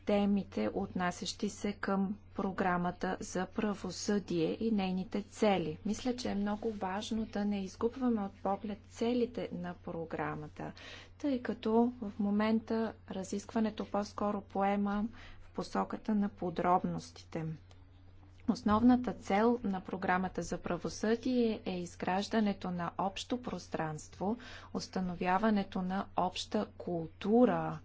темите, отнасящи се към програмата за правосъдие и нейните цели. Мисля, че е много важно да не изгубваме от поглед целите на програмата, тъй като в момента разискването по-скоро поема в посоката на подробностите. Основната цел на програмата за правосъдие е изграждането на общо пространство, установяването на обща култура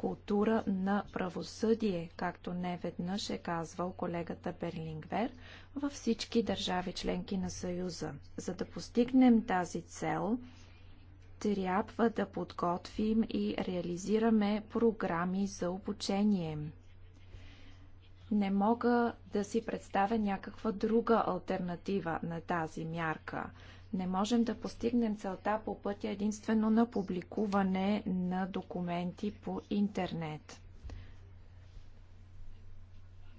култура на правосъдие, както не веднъж е казвал колегата Берлингвер, във всички държави членки на Съюза. За да постигнем тази цел, трябва да подготвим и реализираме програми за обучение. Не мога да си представя някаква друга альтернатива на тази мярка. Не можем да постигнем целта по пътя единствено на публикуване на документи по интернет.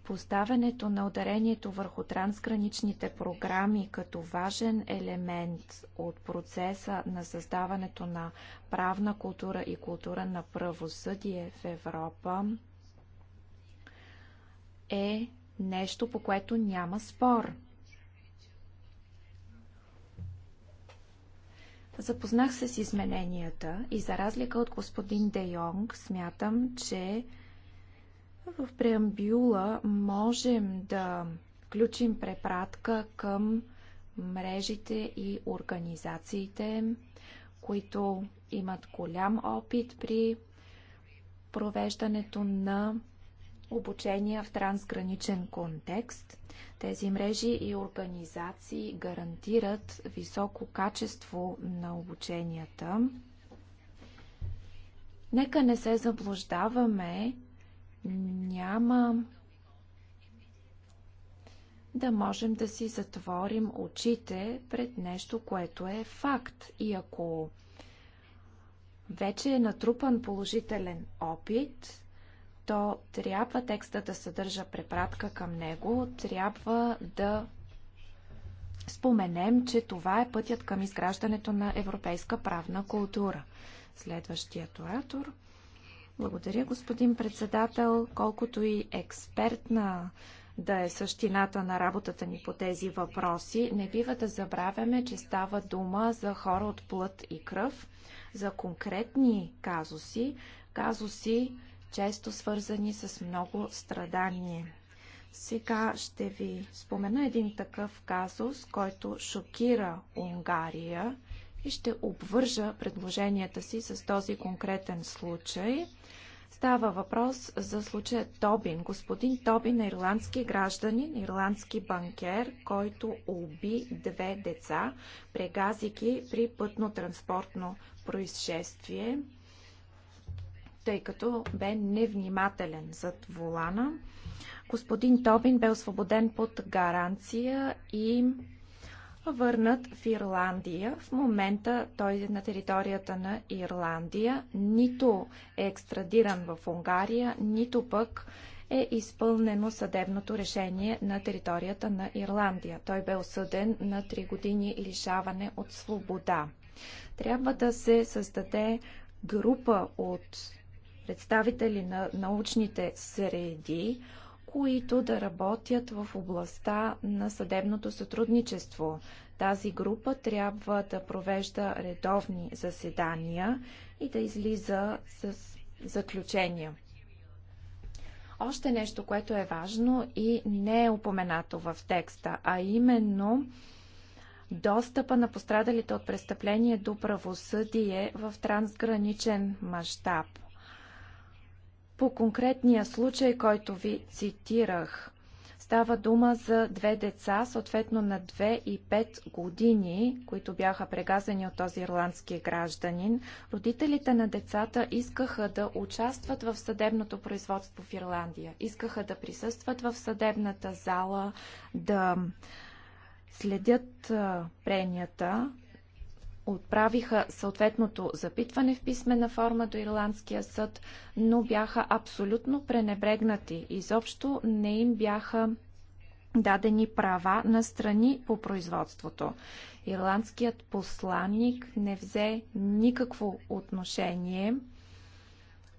Поставянето на ударението върху трансграничните програми като важен елемент от процеса на създаването на правна култура и култура на правосъдие в Европа е нещо, по което няма спор. Запознах се с измененията и за разлика от господин Де Йонг, смятам, че в преамбюла можем да включим препратка към мрежите и организациите, които имат голям опит при провеждането на обучения в трансграничен контекст. Тези мрежи и организации гарантират високо качество на обученията. Нека не се заблуждаваме, няма да можем да си затворим очите пред нещо, което е факт. И ако вече е натрупан положителен опит, то трябва текста да съдържа препратка към него, трябва да споменем, че това е пътят към изграждането на европейска правна култура. Следващият оратор. Благодаря, господин председател. Колкото и експертна да е същината на работата ни по тези въпроси, не бива да забравяме, че става дума за хора от плът и кръв, за конкретни казуси, казуси, често свързани с много страдание. Сега ще ви спомена един такъв казус, който шокира Унгария и ще обвържа предложенията си с този конкретен случай. Става въпрос за случая Тобин. Господин Тобин е ирландски гражданин, ирландски банкер, който уби две деца, прегазики при пътно-транспортно происшествие тъй като бе невнимателен зад волана. Господин Тобин бе освободен под гаранция и върнат в Ирландия. В момента той е на територията на Ирландия. Нито е екстрадиран в Унгария, нито пък е изпълнено съдебното решение на територията на Ирландия. Той бе осъден на 3 години лишаване от свобода. Трябва да се създаде група от представители на научните среди, които да работят в областта на съдебното сътрудничество. Тази група трябва да провежда редовни заседания и да излиза с заключения. Още нещо, което е важно и не е упоменато в текста, а именно достъпа на пострадалите от престъпление до правосъдие в трансграничен мащаб – по конкретния случай, който ви цитирах, става дума за две деца, съответно на 2 и 5 години, които бяха прегазени от този ирландски гражданин. Родителите на децата искаха да участват в съдебното производство в Ирландия. Искаха да присъстват в съдебната зала, да следят пренията, отправиха съответното запитване в писмена форма до Ирландския съд, но бяха абсолютно пренебрегнати. Изобщо не им бяха дадени права на страни по производството. Ирландският посланник не взе никакво отношение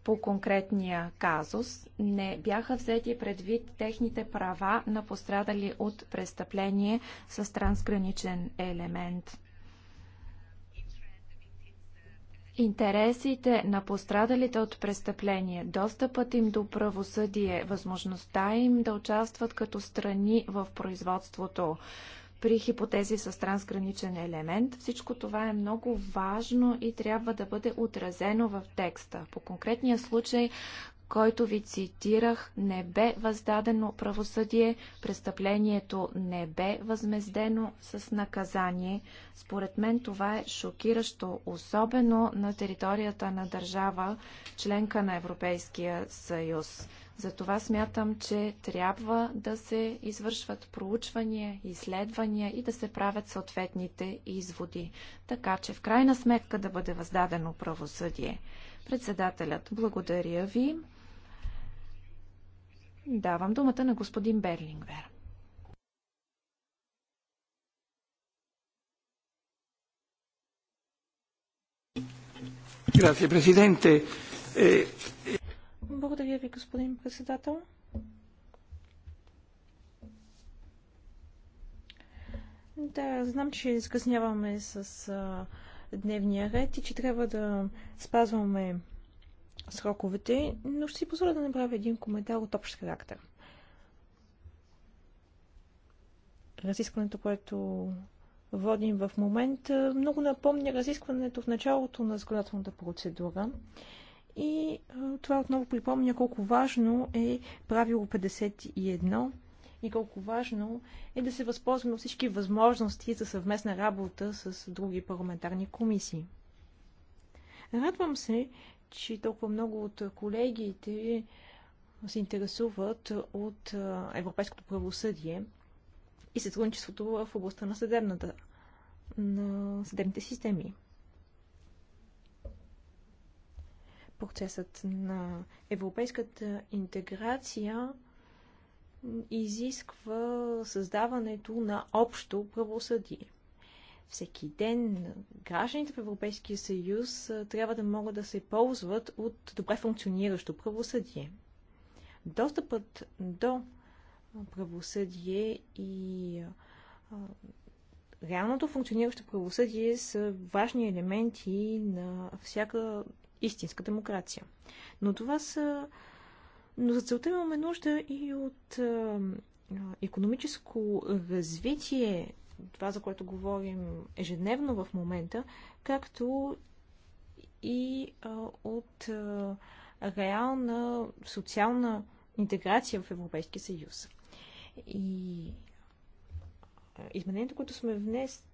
по конкретния казус. Не бяха взети предвид техните права на пострадали от престъпление с трансграничен елемент. Интересите на пострадалите от престъпление, достъпът им до правосъдие, възможността им да участват като страни в производството при хипотези с трансграничен елемент, всичко това е много важно и трябва да бъде отразено в текста. По конкретния случай който ви цитирах, не бе въздадено правосъдие, престъплението не бе възмездено с наказание. Според мен това е шокиращо, особено на територията на държава, членка на Европейския съюз. Затова смятам, че трябва да се извършват проучвания, изследвания и да се правят съответните изводи, така че в крайна сметка да бъде въздадено правосъдие. Председателят, благодаря ви. Давам думата на господин Берлингвер.
Eh,
Благодаря ви, господин председател. Да, знам, че изкъсняваме с а, дневния ред и че трябва да спазваме сроковете, но ще си позволя да направя един коментар от общ характер. Разискването, което водим в момента, много напомня разискването в началото на законодателната процедура. И това отново припомня колко важно е правило 51 и колко важно е да се възползваме всички възможности за съвместна работа с други парламентарни комисии. Радвам се, че толкова много от колегите се интересуват от европейското правосъдие и сътрудничеството в областта на съдебната на съдебните системи. Процесът на европейската интеграция изисква създаването на общо правосъдие всеки ден. Гражданите в Европейския съюз трябва да могат да се ползват от добре функциониращо правосъдие. Достъпът до правосъдие и реалното функциониращо правосъдие са важни елементи на всяка истинска демокрация. Но това са. Но за целта имаме нужда и от економическо развитие това, за което говорим ежедневно в момента, както и а, от а, реална социална интеграция в Европейския съюз. И измененията, които сме внес,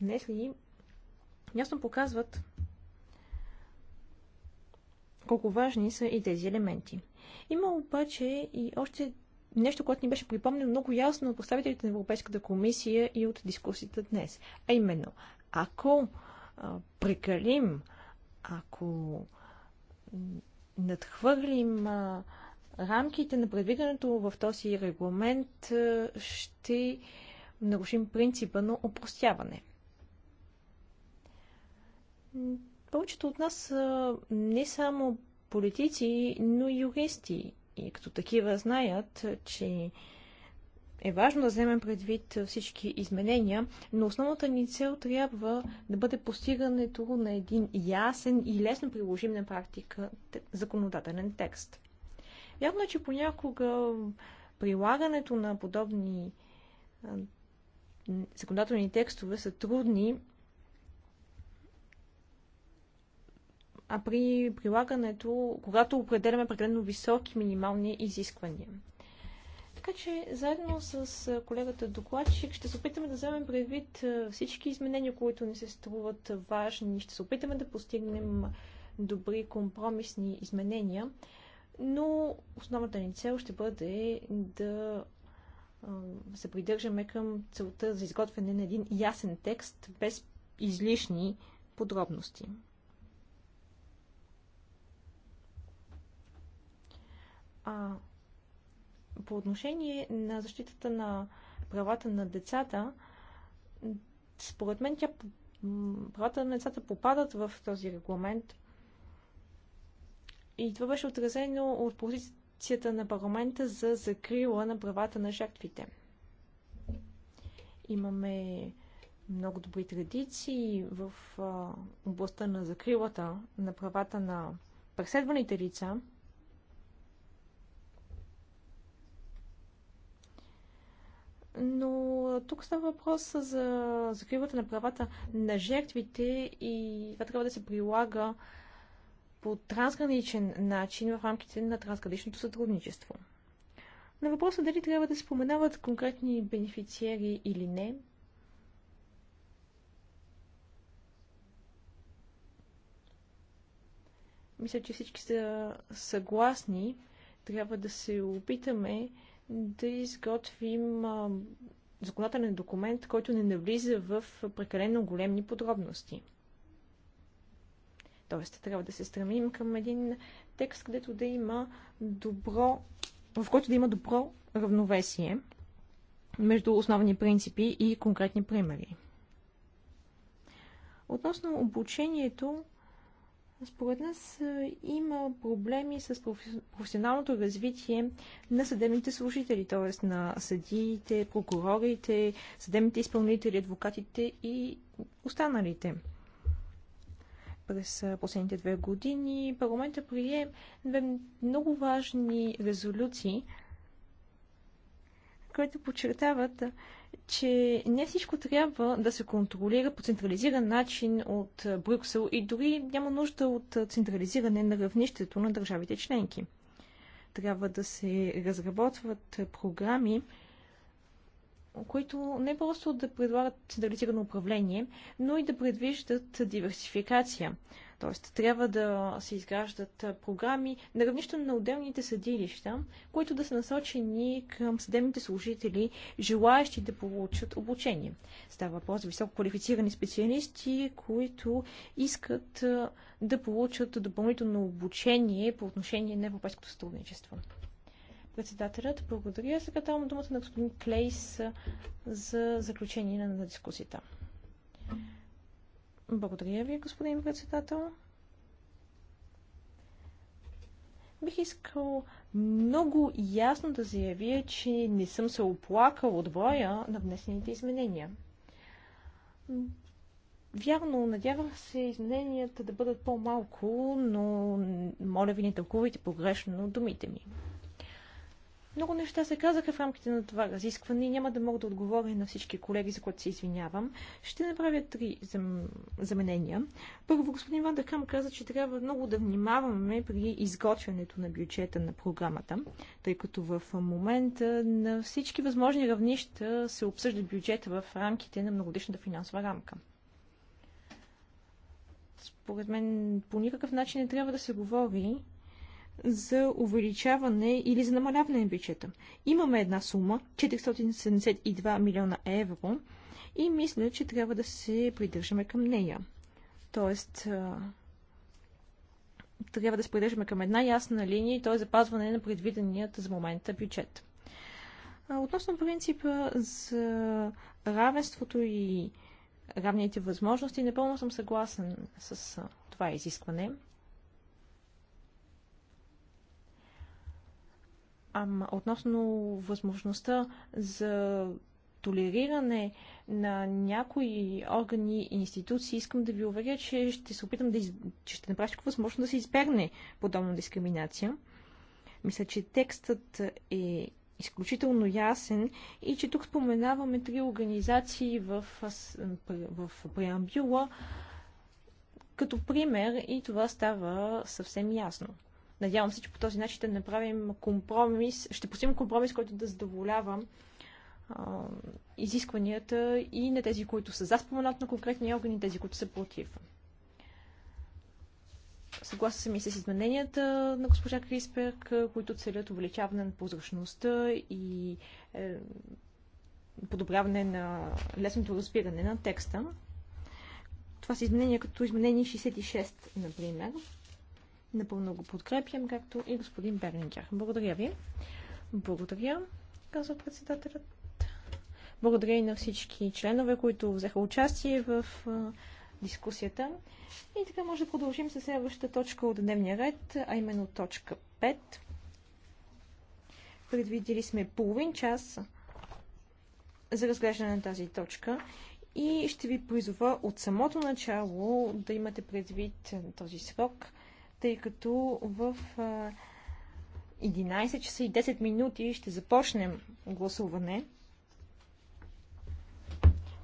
внесли, ясно показват колко важни са и тези елементи. Има обаче и още нещо, което ни беше припомнено много ясно от представителите на Европейската комисия и от дискусията днес. А именно, ако прекалим, ако надхвърлим рамките на предвиденото в този регламент, ще нарушим принципа на опростяване. Повечето от нас са не само политици, но и юристи и като такива знаят, че е важно да вземем предвид всички изменения, но основната ни цел трябва да бъде постигането на един ясен и лесно приложим на практика законодателен текст. Явно е, че понякога прилагането на подобни законодателни текстове са трудни а при прилагането, когато определяме прекалено високи минимални изисквания. Така че, заедно с колегата докладчик, ще се опитаме да вземем предвид всички изменения, които ни се струват важни. Ще се опитаме да постигнем добри компромисни изменения, но основната ни цел ще бъде да се придържаме към целта за изготвяне на един ясен текст без излишни подробности. А по отношение на защитата на правата на децата, според мен тя, правата на децата попадат в този регламент. И това беше отразено от позицията на парламента за закрила на правата на жертвите. Имаме много добри традиции в областта на закрилата на правата на преследваните лица. но тук става въпрос за закривата на правата на жертвите и това трябва да се прилага по трансграничен начин в рамките на трансграничното сътрудничество. На въпроса дали трябва да се споменават конкретни бенефициери или не, мисля, че всички са съгласни. Трябва да се опитаме да изготвим законодателен документ, който не навлиза в прекалено големи подробности. Тоест, трябва да се стремим към един текст, където да има добро, в който да има добро равновесие между основни принципи и конкретни примери. Относно обучението, според нас е, има проблеми с професионалното развитие на съдебните служители, т.е. на съдиите, прокурорите, съдебните изпълнители, адвокатите и останалите. През е, последните две години парламента прие две много важни резолюции, които подчертават че не всичко трябва да се контролира по централизиран начин от Брюксел и дори няма нужда от централизиране на равнището на държавите членки. Трябва да се разработват програми, които не просто да предлагат централизирано управление, но и да предвиждат диверсификация. Тоест, трябва да се изграждат програми на равнището на отделните съдилища, които да са насочени към съдебните служители, желаящи да получат обучение. Става въпрос за високо квалифицирани специалисти, които искат да получат допълнително обучение по отношение на европейското сътрудничество. Председателят, благодаря. Сега давам думата на господин Клейс за заключение на дискусията. Благодаря ви, господин председател. Бих искал много ясно да заявя, че не съм се оплакал от боя на внесените изменения. Вярно, надявах се измененията да бъдат по-малко, но моля ви не тълкувайте погрешно думите ми. Много неща се казаха в рамките на това разискване и няма да мога да отговоря на всички колеги, за които се извинявам. Ще направя три зам... заменения. Първо, господин Ван Дакам каза, че трябва много да внимаваме при изготвянето на бюджета на програмата, тъй като в момента на всички възможни равнища се обсъжда бюджета в рамките на многодишната финансова рамка според мен по никакъв начин не трябва да се говори за увеличаване или за намаляване на бюджета. Имаме една сума 472 милиона евро и мисля, че трябва да се придържаме към нея. Тоест, трябва да се придържаме към една ясна линия и то е запазване на предвиденият за момента бюджет. Относно принципа за равенството и равните възможности, напълно съм съгласен с това изискване. Ама относно възможността за толериране на някои органи и институции, искам да ви уверя, че ще се опитам да из... че ще направя всичко възможно да се избегне подобна дискриминация. Мисля, че текстът е изключително ясен и че тук споменаваме три организации в, в преамбюла като пример и това става съвсем ясно. Надявам се, че по този начин ще направим компромис, ще постигнем компромис, който да задоволява изискванията и на тези, които са за споменат на конкретни органи, тези, които са против. Съгласна съм и с измененията на госпожа Крисперк, които целят увеличаване на прозрачността и е, подобряване на лесното разбиране на текста. Това са изменения като изменение 66, например. Напълно го подкрепям, както и господин Бернингер. Благодаря ви. Благодаря, казва председателят. Благодаря и на всички членове, които взеха участие в дискусията. И така може да продължим с следващата точка от дневния ред, а именно точка 5. Предвидели сме половин час за разглеждане на тази точка и ще ви призова от самото начало да имате предвид този срок, тъй като в 11 часа и 10 минути ще започнем гласуване.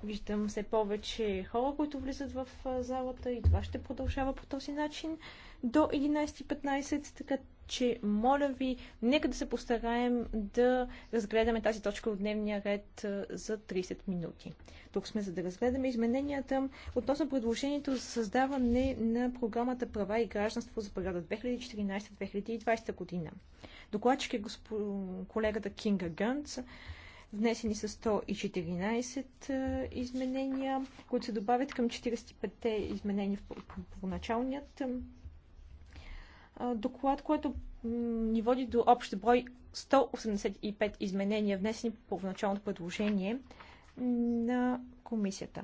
Виждам все повече хора, които влизат в залата и това ще продължава по този начин до 11.15, така че моля ви, нека да се постараем да разгледаме тази точка от дневния ред за 30 минути. Тук сме за да разгледаме измененията относно предложението за създаване на програмата Права и гражданство за периода 2014-2020 година. Докладчик е госп... колегата Кинга Гънц. Внесени са 114 е, изменения, които се добавят към 45-те изменения в първоначалният доклад, което ни води до общ брой 185 изменения, внесени по първоначалното предложение на комисията.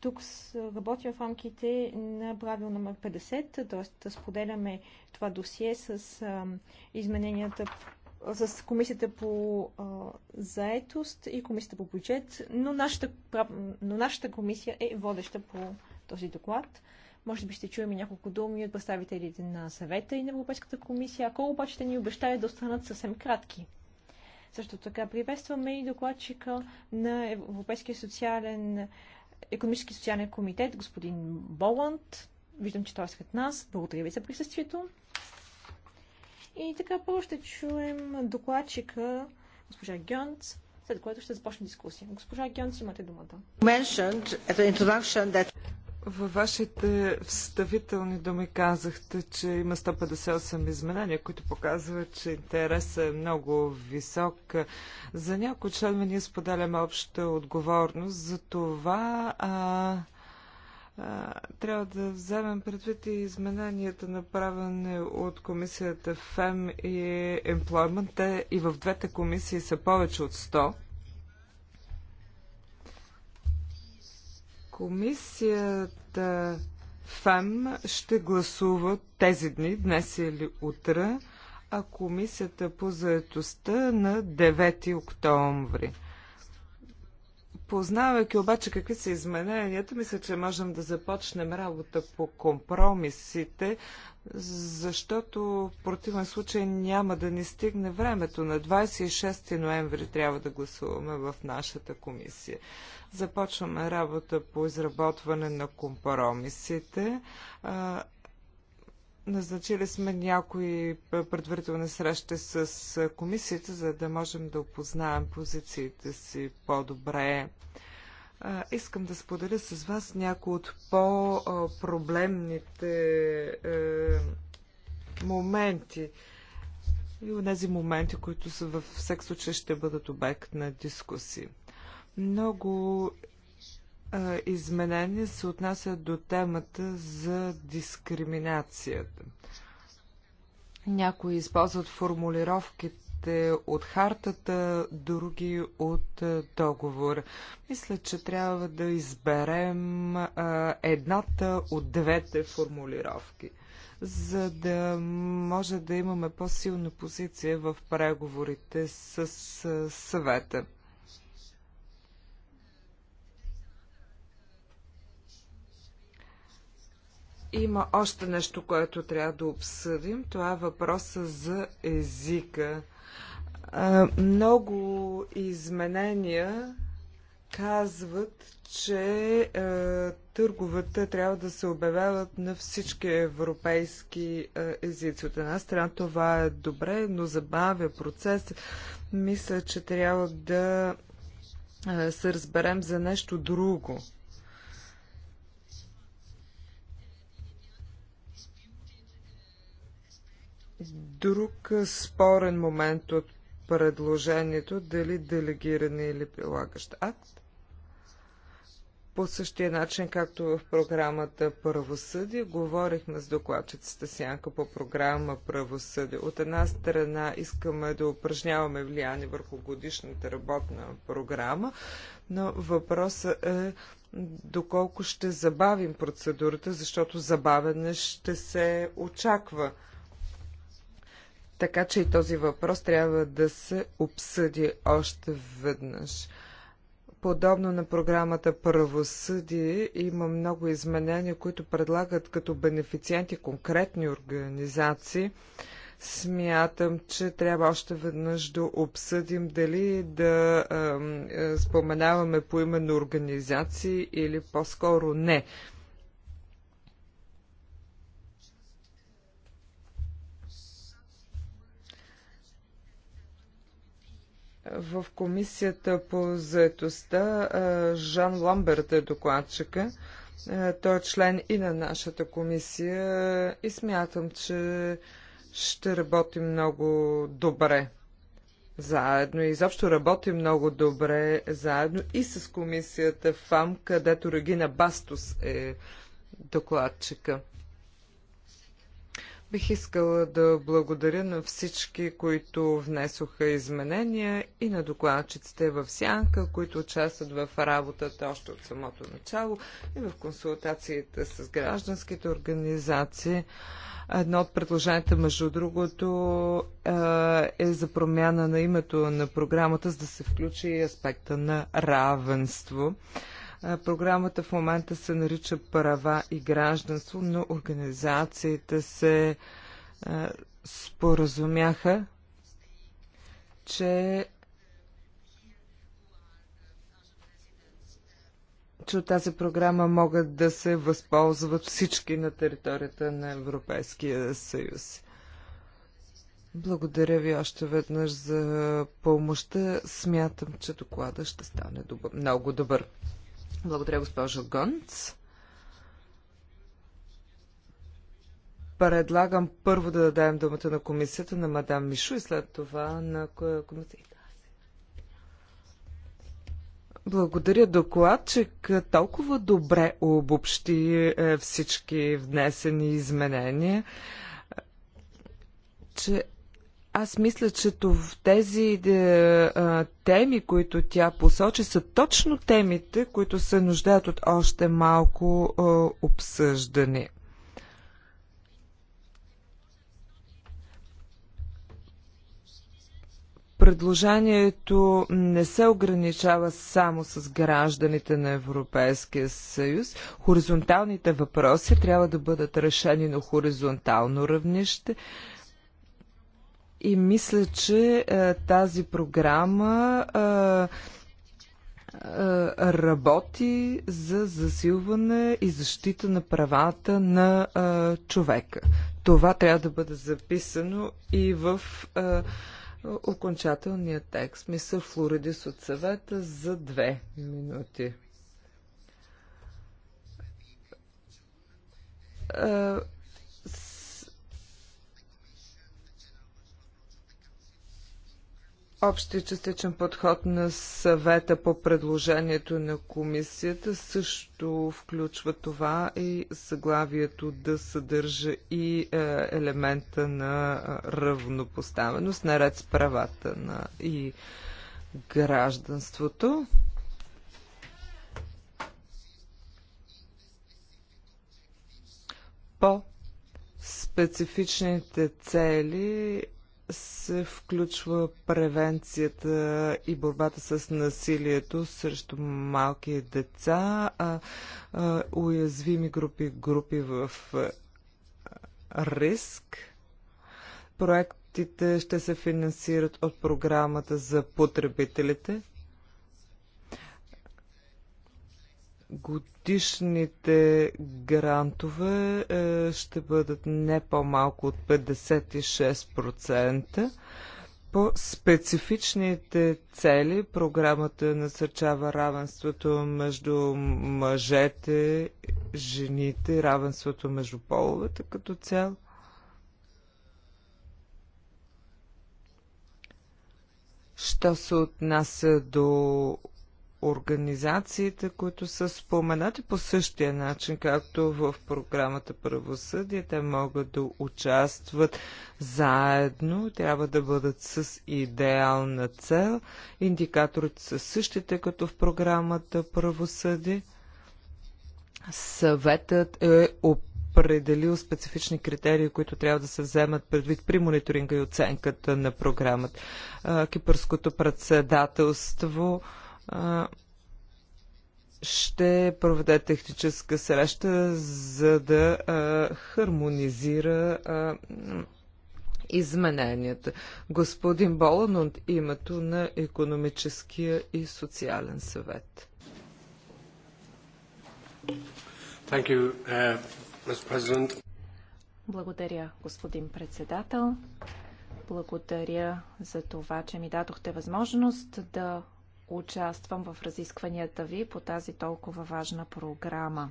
Тук работим в рамките на правил номер 50, т.е. споделяме това досие с измененията с комисията по а, заетост и комисията по бюджет, но нашата, но нашата комисия е водеща по този доклад. Може би ще чуем и няколко думи от представителите на съвета и на Европейската комисия, ако обаче те ни обещаят да останат съвсем кратки. Също така приветстваме и докладчика на Европейския социален, економически и социален комитет, господин Боланд. Виждам, че той е сред нас. Благодаря ви за присъствието. И така първо ще чуем докладчика госпожа Гьонц, след което ще започне дискусия. Госпожа Гьонц, имате
думата. Във вашите вставителни думи казахте, че има 158 изменения, които показват, че интересът е много висок. За някои членове ние споделяме обща отговорност. За това а, трябва да вземем предвид и измененията направени от комисията ФЕМ и Employment. Те и в двете комисии са повече от 100. Комисията ФЕМ ще гласува тези дни, днес или утре, а комисията по заедостта на 9 октомври. Познавайки обаче какви са измененията, мисля, че можем да започнем работа по компромисите, защото в противен случай няма да ни стигне времето. На 26 ноември трябва да гласуваме в нашата комисия. Започваме работа по изработване на компромисите. Назначили сме някои предварителни срещи с комисията, за да можем да опознаем позициите си по-добре. Искам да споделя с вас някои от по-проблемните моменти и от тези моменти, които са във всеки случай ще бъдат обект на дискусии. Много Изменения се отнася до темата за дискриминацията. Някои използват формулировките от хартата, други от договор. Мисля, че трябва да изберем едната от двете формулировки за да може да имаме по-силна позиция в преговорите с съвета. Има още нещо, което трябва да обсъдим. Това е въпроса за езика. Много изменения казват, че търговата трябва да се обявяват на всички европейски езици. От една страна това е добре, но забавя процес. Мисля, че трябва да се разберем за нещо друго. Друг е, спорен момент от предложението, дали делегиране или прилагащ акт, по същия начин, както в програмата Правосъди, говорихме с докладчицата Сянка по програма Правосъди. От една страна искаме да упражняваме влияние върху годишната работна програма, но въпросът е доколко ще забавим процедурата, защото забавене ще се очаква. Така че и този въпрос трябва да се обсъди още веднъж. Подобно на програмата Правосъдие има много изменения, които предлагат като бенефициенти конкретни организации. Смятам, че трябва още веднъж да обсъдим дали да е, е, споменаваме поименно организации или по-скоро не. в комисията по заетостта Жан Ламберт е докладчика. Той е член и на нашата комисия и смятам, че ще работим много добре заедно. И изобщо работим много добре заедно и с комисията ФАМ, където Регина Бастус е докладчика. Бих искала да благодаря на всички, които внесоха изменения и на докладчиците в Сянка, които участват в работата още от самото начало и в консултациите с гражданските организации. Едно от предложенията, между другото, е за промяна на името на програмата, за да се включи и аспекта на равенство. Програмата в момента се нарича Права и гражданство, но организациите се споразумяха, че че от тази програма могат да се възползват всички на територията на Европейския съюз. Благодаря ви още веднъж за помощта. Смятам, че доклада ще стане добър, много добър. Благодаря, госпожо Гонц. Предлагам първо да дадем думата на комисията на мадам Мишу и след това на комисията. Благодаря докладчик. Толкова добре обобщи е, всички внесени изменения, че аз мисля, че в тези е, а, теми, които тя посочи, са точно темите, които се нуждаят от още малко а, е, обсъждане. предложението не се ограничава само с гражданите на Европейския съюз. Хоризонталните въпроси трябва да бъдат решени на хоризонтално равнище. И мисля, че е, тази програма е, е, работи за засилване и защита на правата на а, човека. Това трябва да бъде записано и в а, окончателния текст. Мисъл Флоридис от съвета за две минути. А, Общия частичен подход на съвета по предложението на комисията също включва това и съглавието да съдържа и е, елемента на е, равнопоставеност, наред с правата на и гражданството. По специфичните цели се включва превенцията и борбата с насилието срещу малки деца, а, а, уязвими групи, групи в риск. Проектите ще се финансират от програмата за потребителите – годишните грантове е, ще бъдат не по-малко от 56%. По специфичните цели програмата насърчава равенството между мъжете, жените, равенството между половете като цяло. Що се отнася до организациите, които са споменати по същия начин, както в програмата Правосъдие. Те могат да участват заедно, трябва да бъдат с идеална цел. Индикаторите са същите, като в програмата Правосъдие. Съветът е определил специфични критерии, които трябва да се вземат предвид при мониторинга и оценката на програмата. Кипърското председателство ще проведе техническа среща, за да а, хармонизира а, измененията. Господин Болан от името на економическия и социален съвет. Thank you, uh, Mr.
Благодаря, господин председател. Благодаря за това, че ми дадохте възможност да участвам в разискванията ви по тази толкова важна програма.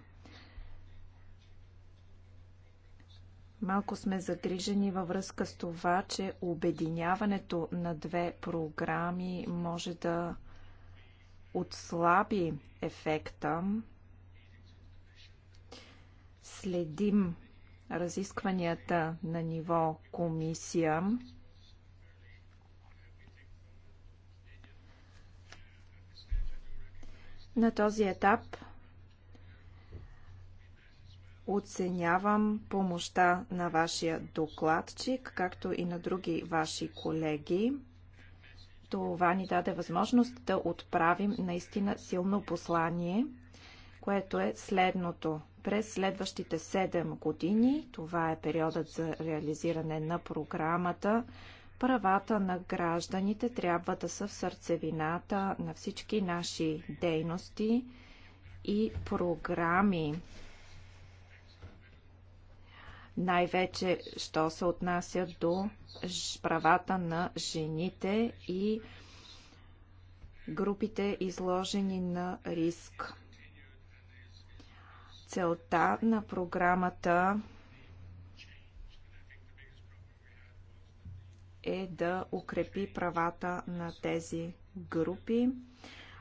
Малко сме загрижени във връзка с това, че обединяването на две програми може да отслаби ефекта. Следим разискванията на ниво комисия. На този етап оценявам помощта на вашия докладчик, както и на други ваши колеги. Това ни даде възможност да отправим наистина силно послание, което е следното. През следващите 7 години, това е периодът за реализиране на програмата, Правата на гражданите трябва да са в сърцевината на всички наши дейности и програми. Най-вече, що се отнася до правата на жените и групите изложени на риск. Целта на програмата е да укрепи правата на тези групи.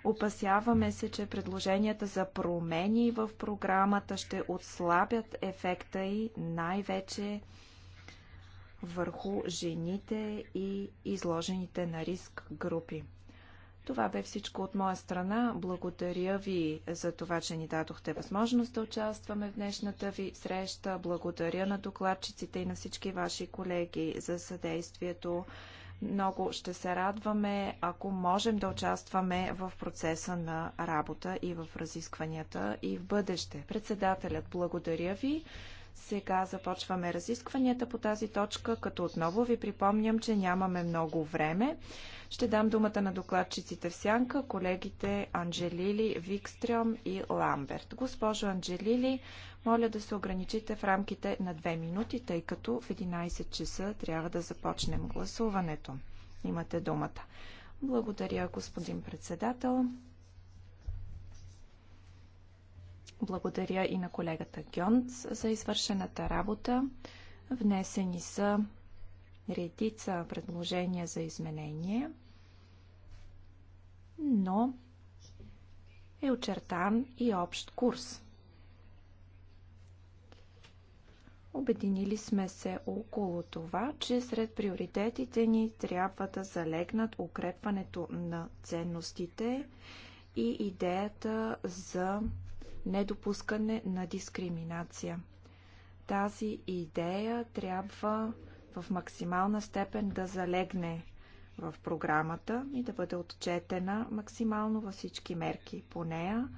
Опасяваме се, че предложенията за промени в програмата ще отслабят ефекта и най-вече върху жените и изложените на риск групи. Това бе всичко от моя страна. Благодаря ви за това, че ни дадохте възможност да участваме в днешната ви среща. Благодаря на докладчиците и на всички ваши колеги за съдействието. Много ще се радваме, ако можем да участваме в процеса на работа и в разискванията и в бъдеще. Председателят, благодаря ви. Сега започваме разискванията по тази точка, като отново ви припомням, че нямаме много време. Ще дам думата на докладчиците в сянка, колегите Анджелили, Викстрем и Ламберт. Госпожо Анджелили, моля да се ограничите в рамките на две минути, тъй като в 11 часа трябва да започнем гласуването. Имате думата. Благодаря, господин председател. Благодаря и на колегата Гьонц за извършената работа. Внесени са редица предложения за изменение, но е очертан и общ курс. Обединили сме се около това, че сред приоритетите ни трябва да залегнат укрепването на ценностите и идеята за недопускане на дискриминация. Тази идея трябва в максимална степен да залегне в програмата и да бъде отчетена максимално във всички мерки по нея,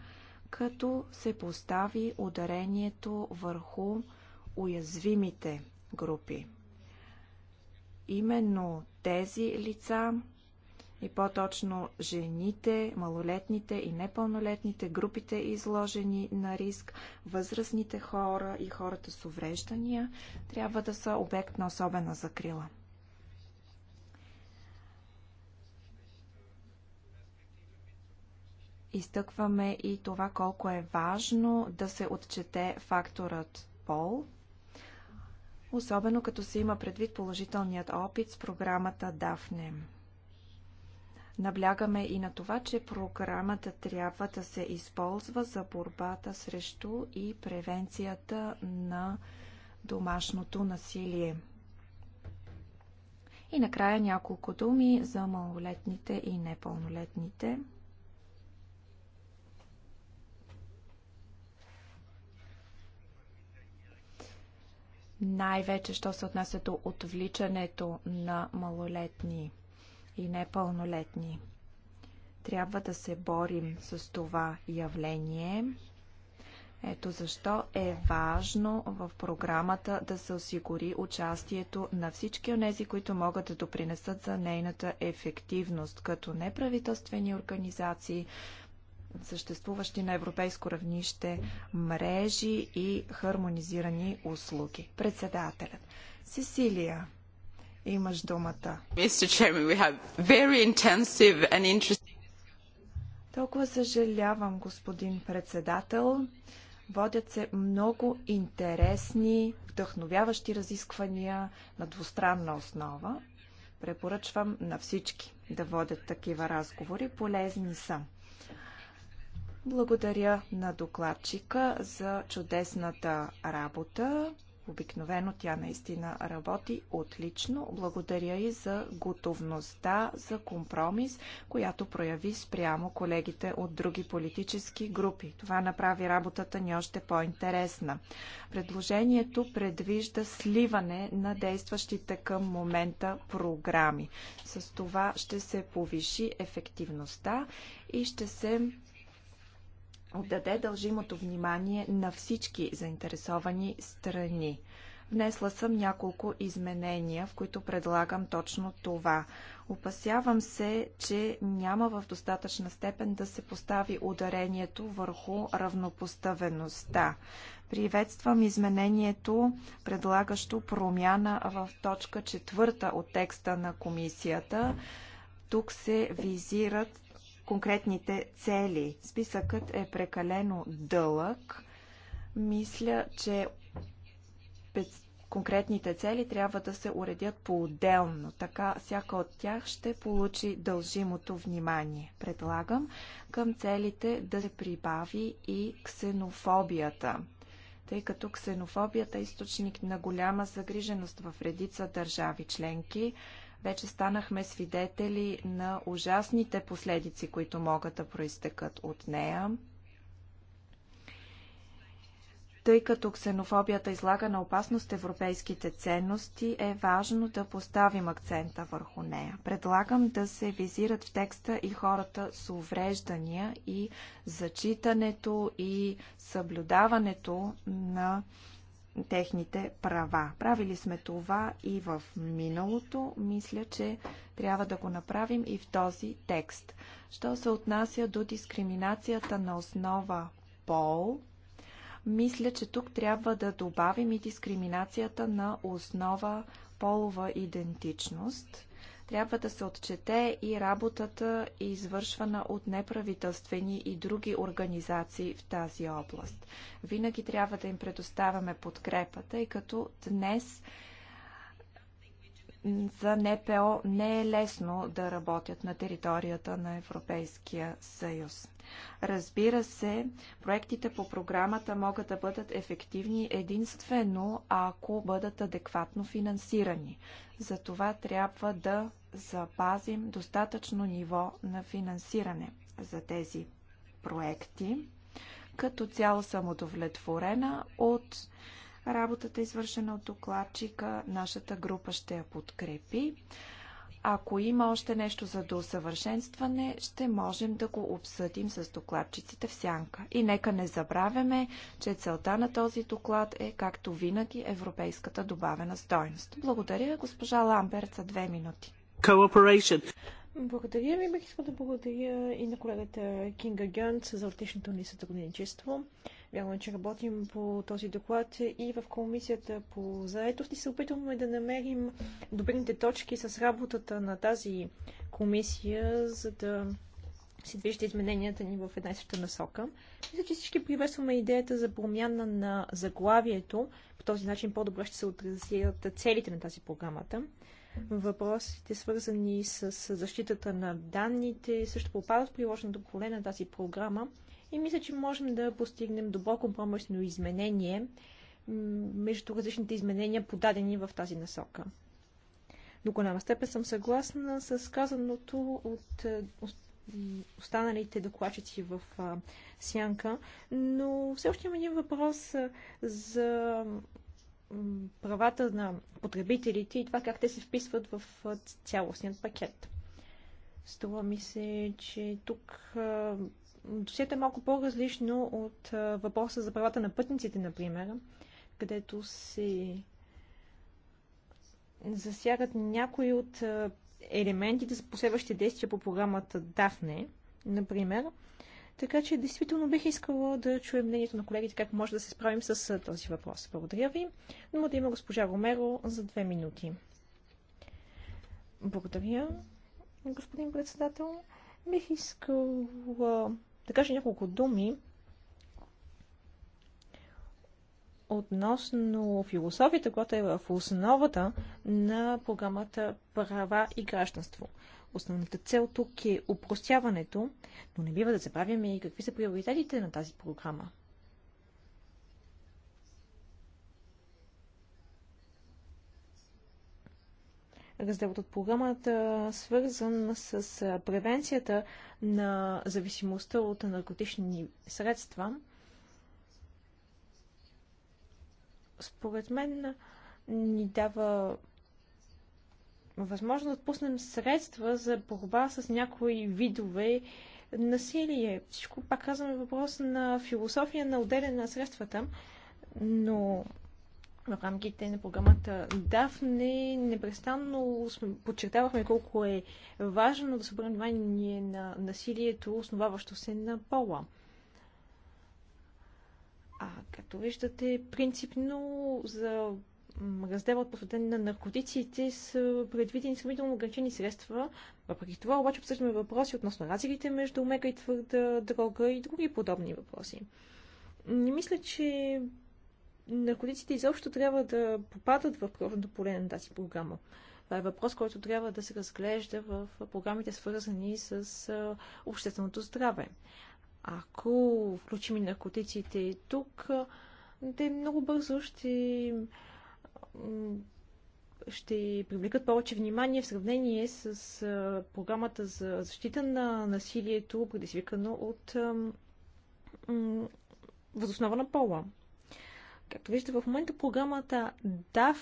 като се постави ударението върху уязвимите групи. Именно тези лица и по-точно жените, малолетните и непълнолетните, групите изложени на риск, възрастните хора и хората с увреждания трябва да са обект на особена закрила. изтъкваме и това колко е важно да се отчете факторът пол, особено като се има предвид положителният опит с програмата DAFNEM. Наблягаме и на това, че програмата трябва да се използва за борбата срещу и превенцията на домашното насилие. И накрая няколко думи за малолетните и непълнолетните. Най-вече, що се отнася до отвличането на малолетни и непълнолетни. Трябва да се борим с това явление. Ето защо е важно в програмата да се осигури участието на всички от тези, които могат да допринесат за нейната ефективност, като неправителствени организации, съществуващи на европейско равнище мрежи и хармонизирани услуги. Председателят Сесилия, Имаш думата. Толкова съжалявам, господин председател. Водят се много интересни, вдъхновяващи разисквания на двустранна основа. Препоръчвам на всички да водят такива разговори. Полезни са. Благодаря на докладчика за чудесната работа. Обикновено тя наистина работи отлично. Благодаря и за готовността за компромис, която прояви спрямо колегите от други политически групи. Това направи работата ни още по-интересна. Предложението предвижда сливане на действащите към момента програми. С това ще се повиши ефективността и ще се отдаде дължимото внимание на всички заинтересовани страни. Внесла съм няколко изменения, в които предлагам точно това. Опасявам се, че няма в достатъчна степен да се постави ударението върху равнопоставеността. Приветствам изменението, предлагащо промяна в точка четвърта от текста на комисията. Тук се визират конкретните цели. Списъкът е прекалено дълъг. Мисля, че конкретните цели трябва да се уредят по-отделно. Така всяка от тях ще получи дължимото внимание. Предлагам към целите да се прибави и ксенофобията тъй като ксенофобията е източник на голяма загриженост в редица държави членки. Вече станахме свидетели на ужасните последици, които могат да проистекат от нея. Тъй като ксенофобията излага на опасност европейските ценности, е важно да поставим акцента върху нея. Предлагам да се визират в текста и хората с увреждания и зачитането и съблюдаването на техните права. Правили сме това и в миналото. Мисля, че трябва да го направим и в този текст. Що се отнася до дискриминацията на основа пол, мисля, че тук трябва да добавим и дискриминацията на основа полова идентичност трябва да се отчете и работата, извършвана от неправителствени и други организации в тази област. Винаги трябва да им предоставяме подкрепата, и като днес за НПО не е лесно да работят на територията на Европейския съюз. Разбира се, проектите по програмата могат да бъдат ефективни единствено, ако бъдат адекватно финансирани. Затова трябва да запазим достатъчно ниво на финансиране за тези проекти. Като цяло съм удовлетворена от работата, извършена от докладчика. Нашата група ще я подкрепи. Ако има още нещо за доусъвършенстване, ще можем да го обсъдим с докладчиците в сянка. И нека не забравяме, че целта на този доклад е, както винаги, европейската добавена стойност. Благодаря, госпожа Ламберт, за две минути. Благодаря ви. Бих искал да благодаря и на колегата Кинга Гюнт
за отличното ни сътрудничество. Вярно, че работим по този доклад и в комисията по заетост и се опитваме да намерим добрите точки с работата на тази комисия, за да се движат измененията ни в една и съща насока. Мисля, че всички приветстваме идеята за промяна на заглавието. По този начин по-добре ще се отразят целите на тази програмата. Въпросите, свързани с защитата на данните, също попадат в приложеното поле на тази програма и мисля, че можем да постигнем добро компромисно изменение между различните изменения, подадени в тази насока. До голяма степен съм съгласна с казаното от е, останалите докладчици в сянка, но все още има един въпрос е, за правата на потребителите и това как те се вписват в цялостният пакет. Струва ми се, че тук досието е малко по-различно от въпроса за правата на пътниците, например, където се засягат някои от елементите за последващите действия по програмата DAFNE, например. Така че, действително бих искала да чуем мнението на колегите как може да се справим с този въпрос. Благодаря ви. Но да има госпожа Ромеро за две минути. Благодаря, господин председател. Бих искала да кажа няколко думи относно философията, която е в основата на програмата Права и гражданство. Основната цел тук е упростяването, но не бива да забравяме и какви са приоритетите на тази програма. разделът от програмата, свързан с превенцията на зависимостта от наркотични средства. Според мен ни дава възможно да отпуснем средства за борба с някои видове насилие. Всичко, пак казваме въпрос на философия на отделяне на средствата, но в рамките на програмата Дафне непрестанно подчертавахме колко е важно да се обърне внимание на насилието, основаващо се на пола. А като виждате, принципно за от посветен на наркотиците са предвидени сравнително ограничени средства. Въпреки това обаче обсъждаме въпроси относно разликите между мека и твърда дрога и други подобни въпроси. Не мисля, че наркотиците изобщо трябва да попадат в приложното поле на тази програма. Това е въпрос, който трябва да се разглежда в програмите, свързани с общественото здраве. Ако включим и наркотиците тук, те много бързо ще ще привлекат повече внимание в сравнение с програмата за защита на насилието, предизвикано от възоснована пола. Както виждате, в момента програмата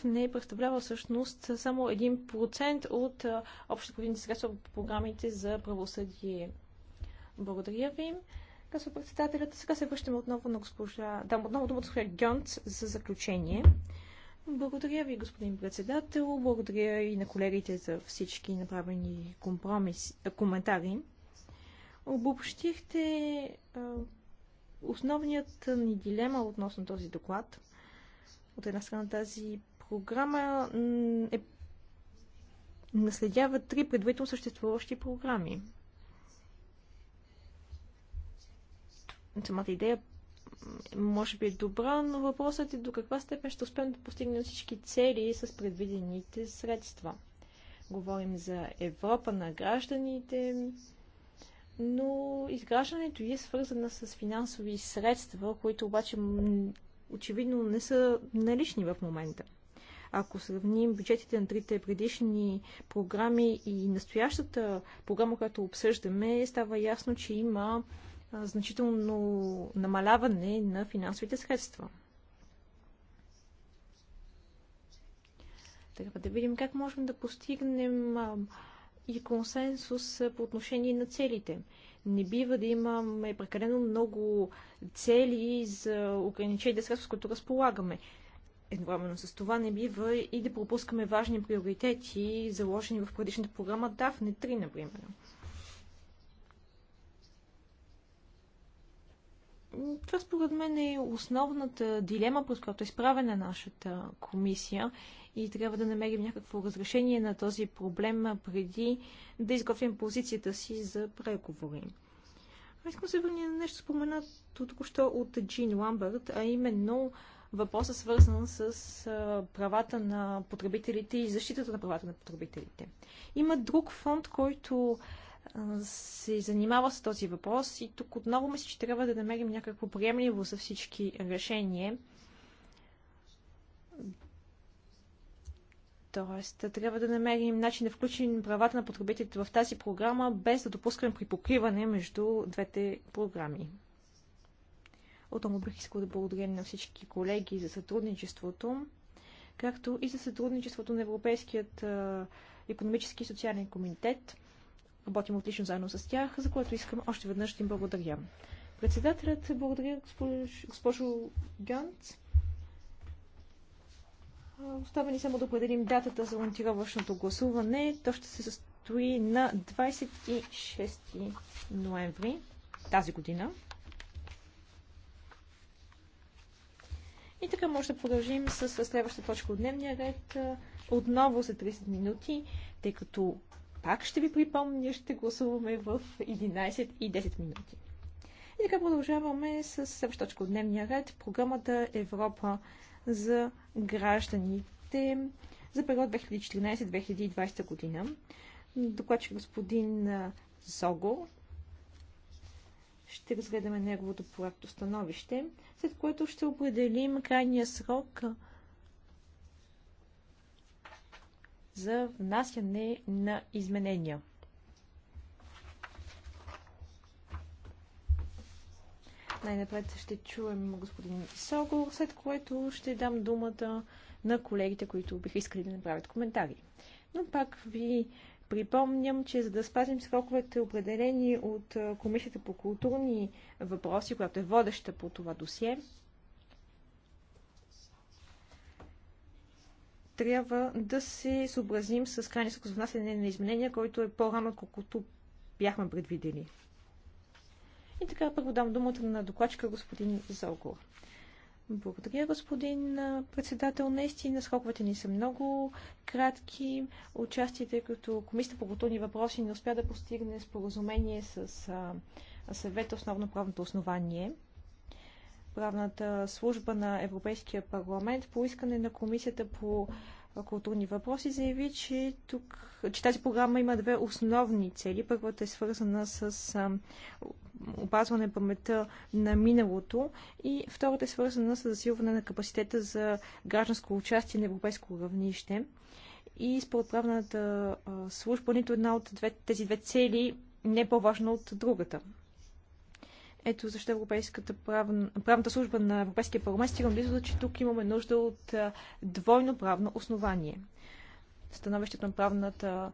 не представлява всъщност само 1% от общите повинни средства по програмите за правосъдие. Благодаря ви. Казва председателят. Сега се връщаме отново на госпожа... Дам отново думата госпожа Гьонц за заключение. Благодаря ви, господин председател. Благодаря и на колегите за всички направени компромис... коментари. Обобщихте основният ни дилема относно този доклад. От една страна тази програма е наследява три предварително съществуващи програми. Самата идея може би е добра, но въпросът е до каква степен ще успеем да постигнем всички цели с предвидените средства. Говорим за Европа на гражданите, но изграждането ѝ е свързана с финансови средства, които обаче очевидно не са налични в момента. Ако сравним бюджетите на трите предишни програми и настоящата програма, която обсъждаме, става ясно, че има значително намаляване на финансовите средства. Трябва да видим как можем да постигнем и консенсус по отношение на целите. Не бива да имаме прекалено много цели за ограничените средства, с които разполагаме. Едновременно с това не бива и да пропускаме важни приоритети, заложени в предишната програма DAFNE 3, например. Това според мен е основната дилема, през която е изправена нашата комисия и трябва да намерим някакво разрешение на този проблем преди да изготвим позицията си за преговори. А искам се върна на нещо споменато току-що от Джин Ламбърт, а именно въпроса свързан с правата на потребителите и защитата на правата на потребителите. Има друг фонд, който се занимава с този въпрос и тук отново мисля, че трябва да намерим някакво приемливо за всички решение. Тоест, трябва да намерим начин да включим правата на потребителите в тази програма, без да допускаме припокриване между двете програми. Отново бих искал да благодаря на всички колеги за сътрудничеството, както и за сътрудничеството на Европейският економически и социален комитет. Работим отлично заедно с тях, за което искам още веднъж да им благодаря. Председателят, благодаря госпожо Гант. Остава ни само да определим датата за монтировъчното гласуване. То ще се състои на 26 ноември тази година. И така може да продължим с следващата точка от дневния ред. Отново за 30 минути, тъй като пак ще ви припомня, ще гласуваме в 11 и 10 минути. И така продължаваме с следващата точка от дневния ред. Програмата Европа за гражданите за период 2014-2020 година. Докладчик господин Зого. Ще разгледаме неговото проекто становище, след което ще определим крайния срок за внасяне на изменения. Най-напред ще чуем господин Сого, след което ще дам думата на колегите, които биха искали да направят коментари. Но пак ви припомням, че за да спазим сроковете, определени от Комисията по културни въпроси, която е водеща по това досие, трябва да се съобразим с крайния срок за внасяне на изменения, който е по-рано, колкото бяхме предвидели. И така първо дам думата на докладчика господин Зогор. Благодаря, господин председател. Наистина сроковете ни са много кратки. Участие, тъй е като Комисията по културни въпроси не успя да постигне споразумение с съвета основно правното основание. Правната служба на Европейския парламент по искане на Комисията по културни въпроси, заяви, че, тук, че тази програма има две основни цели. Първата е свързана с а, опазване паметта на миналото и втората е свързана с засилване на капацитета за гражданско участие на европейско равнище. И според правната служба, нито една от две, тези две цели не е по-важна от другата. Ето защо Европейската правна, правната служба на Европейския парламент стига близо, че тук имаме нужда от двойно правно основание. Становището на правната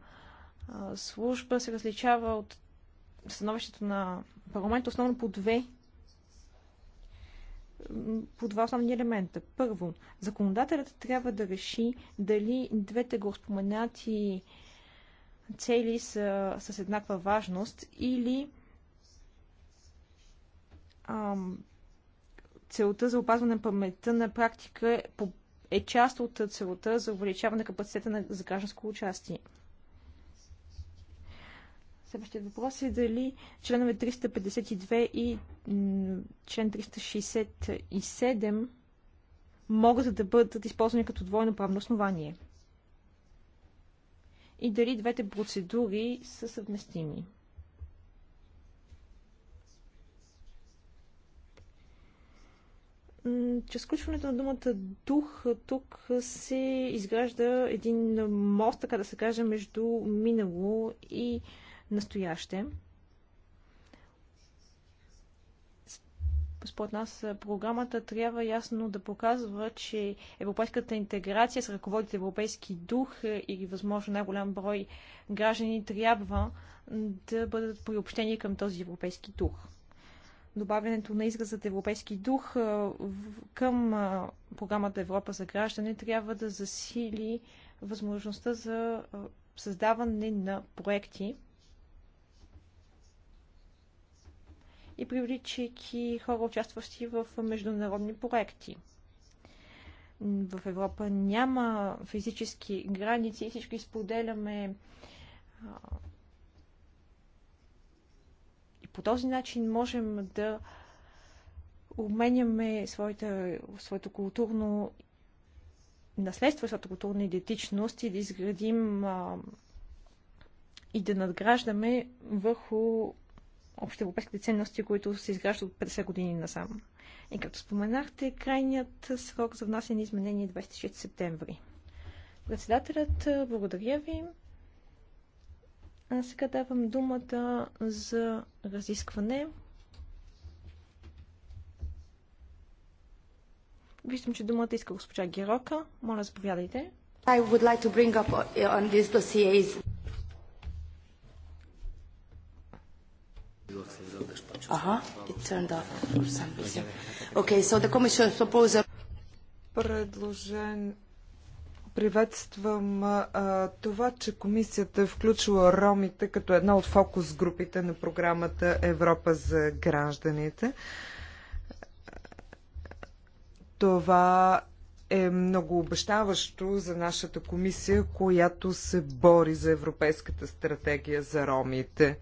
служба се различава от становището на парламент, основно по две по два основни елемента. Първо, законодателят трябва да реши дали двете го споменати цели са с еднаква важност или целта за опазване на паметта на практика е, е част от целта за увеличаване на капацитета на, за гражданско участие. Следващият въпрос е дали членове 352 и член 367 могат да бъдат използвани като двойно правно основание. И дали двете процедури са съвместими. Че сключването на думата дух, тук се изгражда един мост, така да се каже, между минало и настояще. според нас програмата трябва ясно да показва, че европейската интеграция с ръководите европейски дух и възможно най-голям брой граждани трябва да бъдат приобщени към този европейски дух добавянето на изразът европейски дух към програмата Европа за граждане трябва да засили възможността за създаване на проекти и привличайки хора, участващи в международни проекти. В Европа няма физически граници и всички споделяме по този начин можем да обменяме своята, своето културно наследство, своята културна идентичност и да изградим а, и да надграждаме върху общоевропейските ценности, които се изграждат от 50 години насам. И като споменахте, крайният срок за внасяне изменение е 26 септември. Председателят, благодаря ви. А сега давам думата за разискване. Виждам, че думата иска госпожа Герока.
Моля, заповядайте. I would like to bring up on these dossiers.
Aha, it turned off for some reason. Okay, so the commission proposal... Предложен, Приветствам а, това, че комисията е включила ромите като една от фокус групите на програмата Европа за гражданите. Това е много обещаващо за нашата комисия, която се бори за Европейската стратегия за ромите.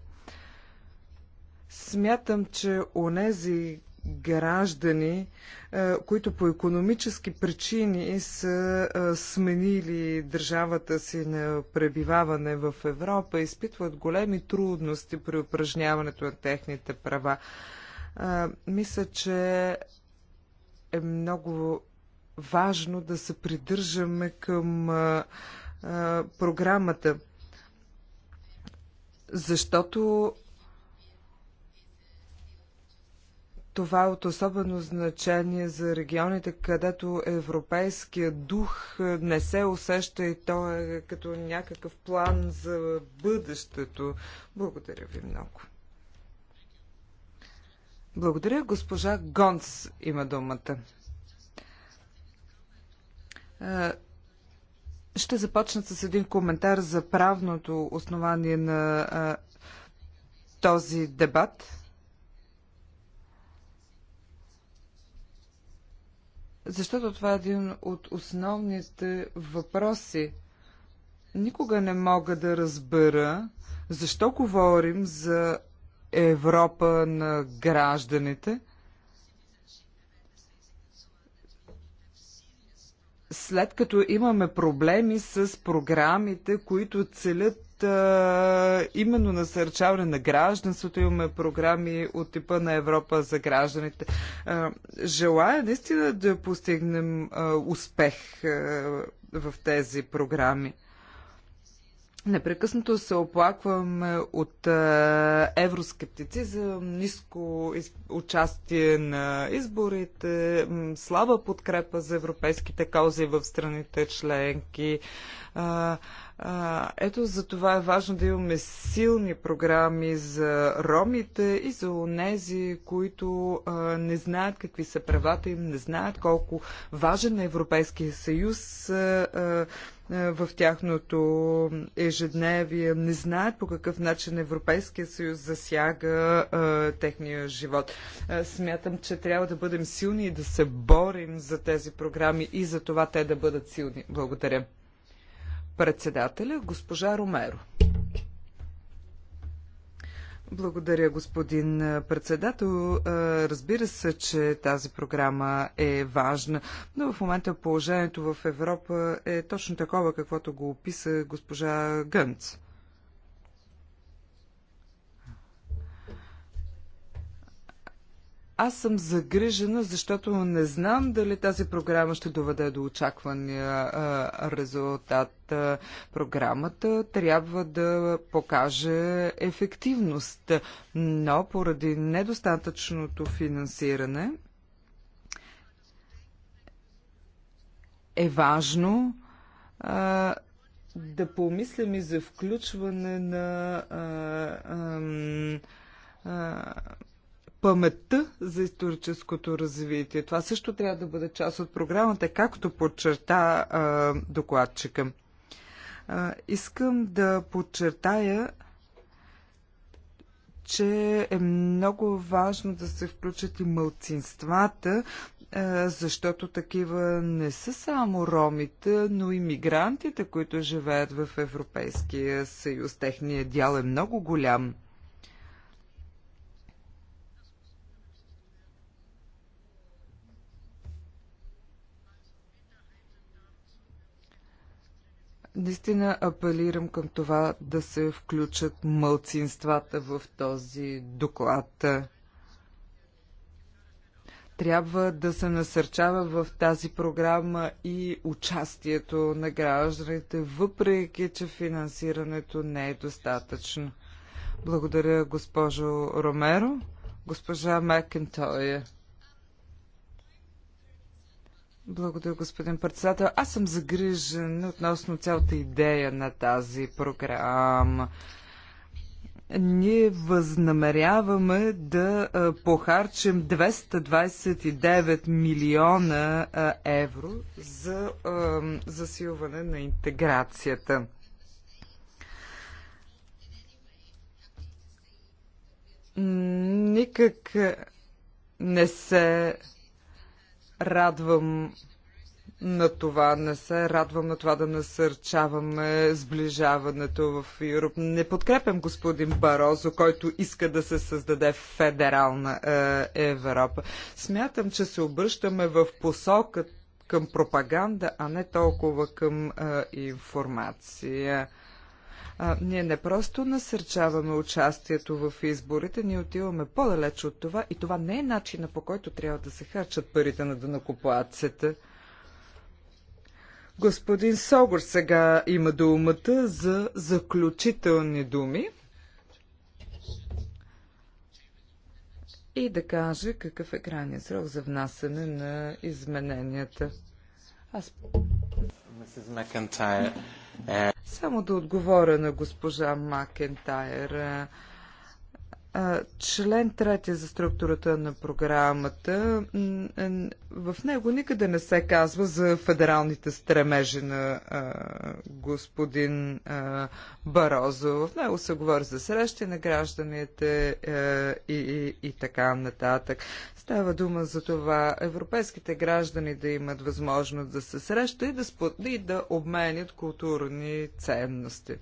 Смятам, че онези граждани, е, които по економически причини са е, сменили държавата си на пребиваване в Европа, изпитват големи трудности при упражняването на техните права. Е, мисля, че е много важно да се придържаме към програмата, защото Това е от особено значение за регионите, където европейския дух не се усеща и то е като някакъв план за бъдещето. Благодаря ви много. Благодаря. Госпожа Гонц има думата. Ще започна с един коментар за правното основание на този дебат. защото това е един от основните въпроси. Никога не мога да разбера защо говорим за Европа на гражданите, след като имаме проблеми с програмите, които целят именно насърчаване на гражданството. Имаме програми от типа на Европа за гражданите. Желая наистина да постигнем успех в тези програми. Непрекъснато се оплакваме от евроскептицизъм, ниско участие на изборите, слаба подкрепа за европейските каузи в страните членки ето за това е важно да имаме силни програми за ромите и за онези, които не знаят какви са правата им, не знаят колко важен е Европейския съюз в тяхното ежедневие, не знаят по какъв начин Европейския съюз засяга а, техния живот. А, смятам, че трябва да бъдем силни и да се борим за тези програми и за това те да бъдат силни. Благодаря. Председателя госпожа Ромеро. Благодаря, господин председател. Разбира се, че тази програма е важна, но в момента положението в Европа е точно такова, каквото го описа госпожа Гънц. Аз съм загрижена, защото не знам дали тази програма ще доведе до очаквания резултат. Програмата трябва да покаже ефективност, но поради недостатъчното финансиране е важно а, да помислим и за включване на а, а, а, паметта за историческото развитие. Това също трябва да бъде част от програмата, както подчерта а, докладчика. А, искам да подчертая, че е много важно да се включат и мълцинствата, защото такива не са само ромите, но и мигрантите, които живеят в Европейския съюз. Техният дял е много голям. Наистина апелирам към това да се включат мълцинствата в този доклад. Трябва да се насърчава в тази програма и участието на гражданите, въпреки че финансирането не е достатъчно. Благодаря, госпожо Ромеро. Госпожа Макентоя. Благодаря, господин председател. Аз съм загрижен относно цялата идея на тази програма ние възнамеряваме да похарчим 229 милиона евро за засилване на интеграцията. Никак не се радвам на това, не се радвам на това да насърчаваме сближаването в Юруп. Не подкрепям господин Барозо, който иска да се създаде федерална е, Европа. Смятам, че се обръщаме в посока към пропаганда, а не толкова към е, информация. А, ние не просто насърчаваме участието в изборите, ние отиваме по-далеч от това и това не е начина по който трябва да се харчат парите на дънакоплаците. Господин Согор сега има думата за заключителни думи и да каже какъв е крайният срок за внасене на измененията. Аз... Е, Само да отговоря на госпожа Макентайр. Член 3 за структурата на програмата, в него никъде не се казва за федералните стремежи на господин Барозо. В него се говори за срещи на гражданите и, и, и така нататък. Става дума за това европейските граждани да имат възможност да се срещат и да, спод... и да обменят културни ценности.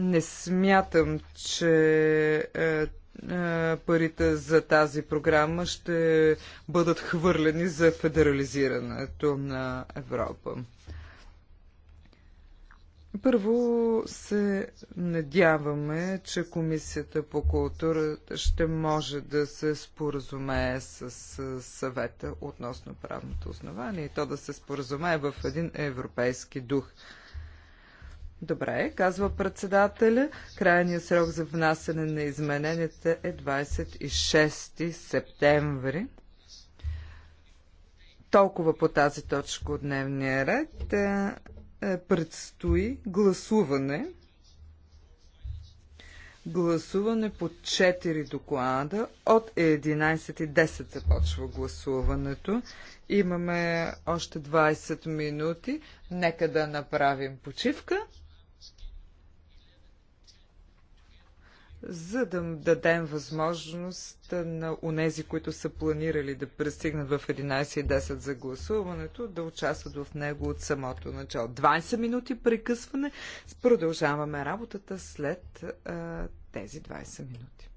Не смятам, че е, е, парите за тази програма ще бъдат хвърлени за федерализирането на Европа. Първо се надяваме, че Комисията по културата ще може да се споразумее с съвета относно правното основание и то да се споразумее в един европейски дух. Добре, казва председателя. Крайният срок за внасяне на измененията е 26 септември. Толкова по тази точка от дневния ред. Е, е, предстои гласуване. Гласуване по 4 доклада. От 11.10 започва гласуването. Имаме още 20 минути. Нека да направим почивка. за да дадем възможност на онези, които са планирали да пристигнат в 11.10 за гласуването, да участват в него от самото начало. 20 минути прекъсване. Продължаваме работата след а, тези 20 минути.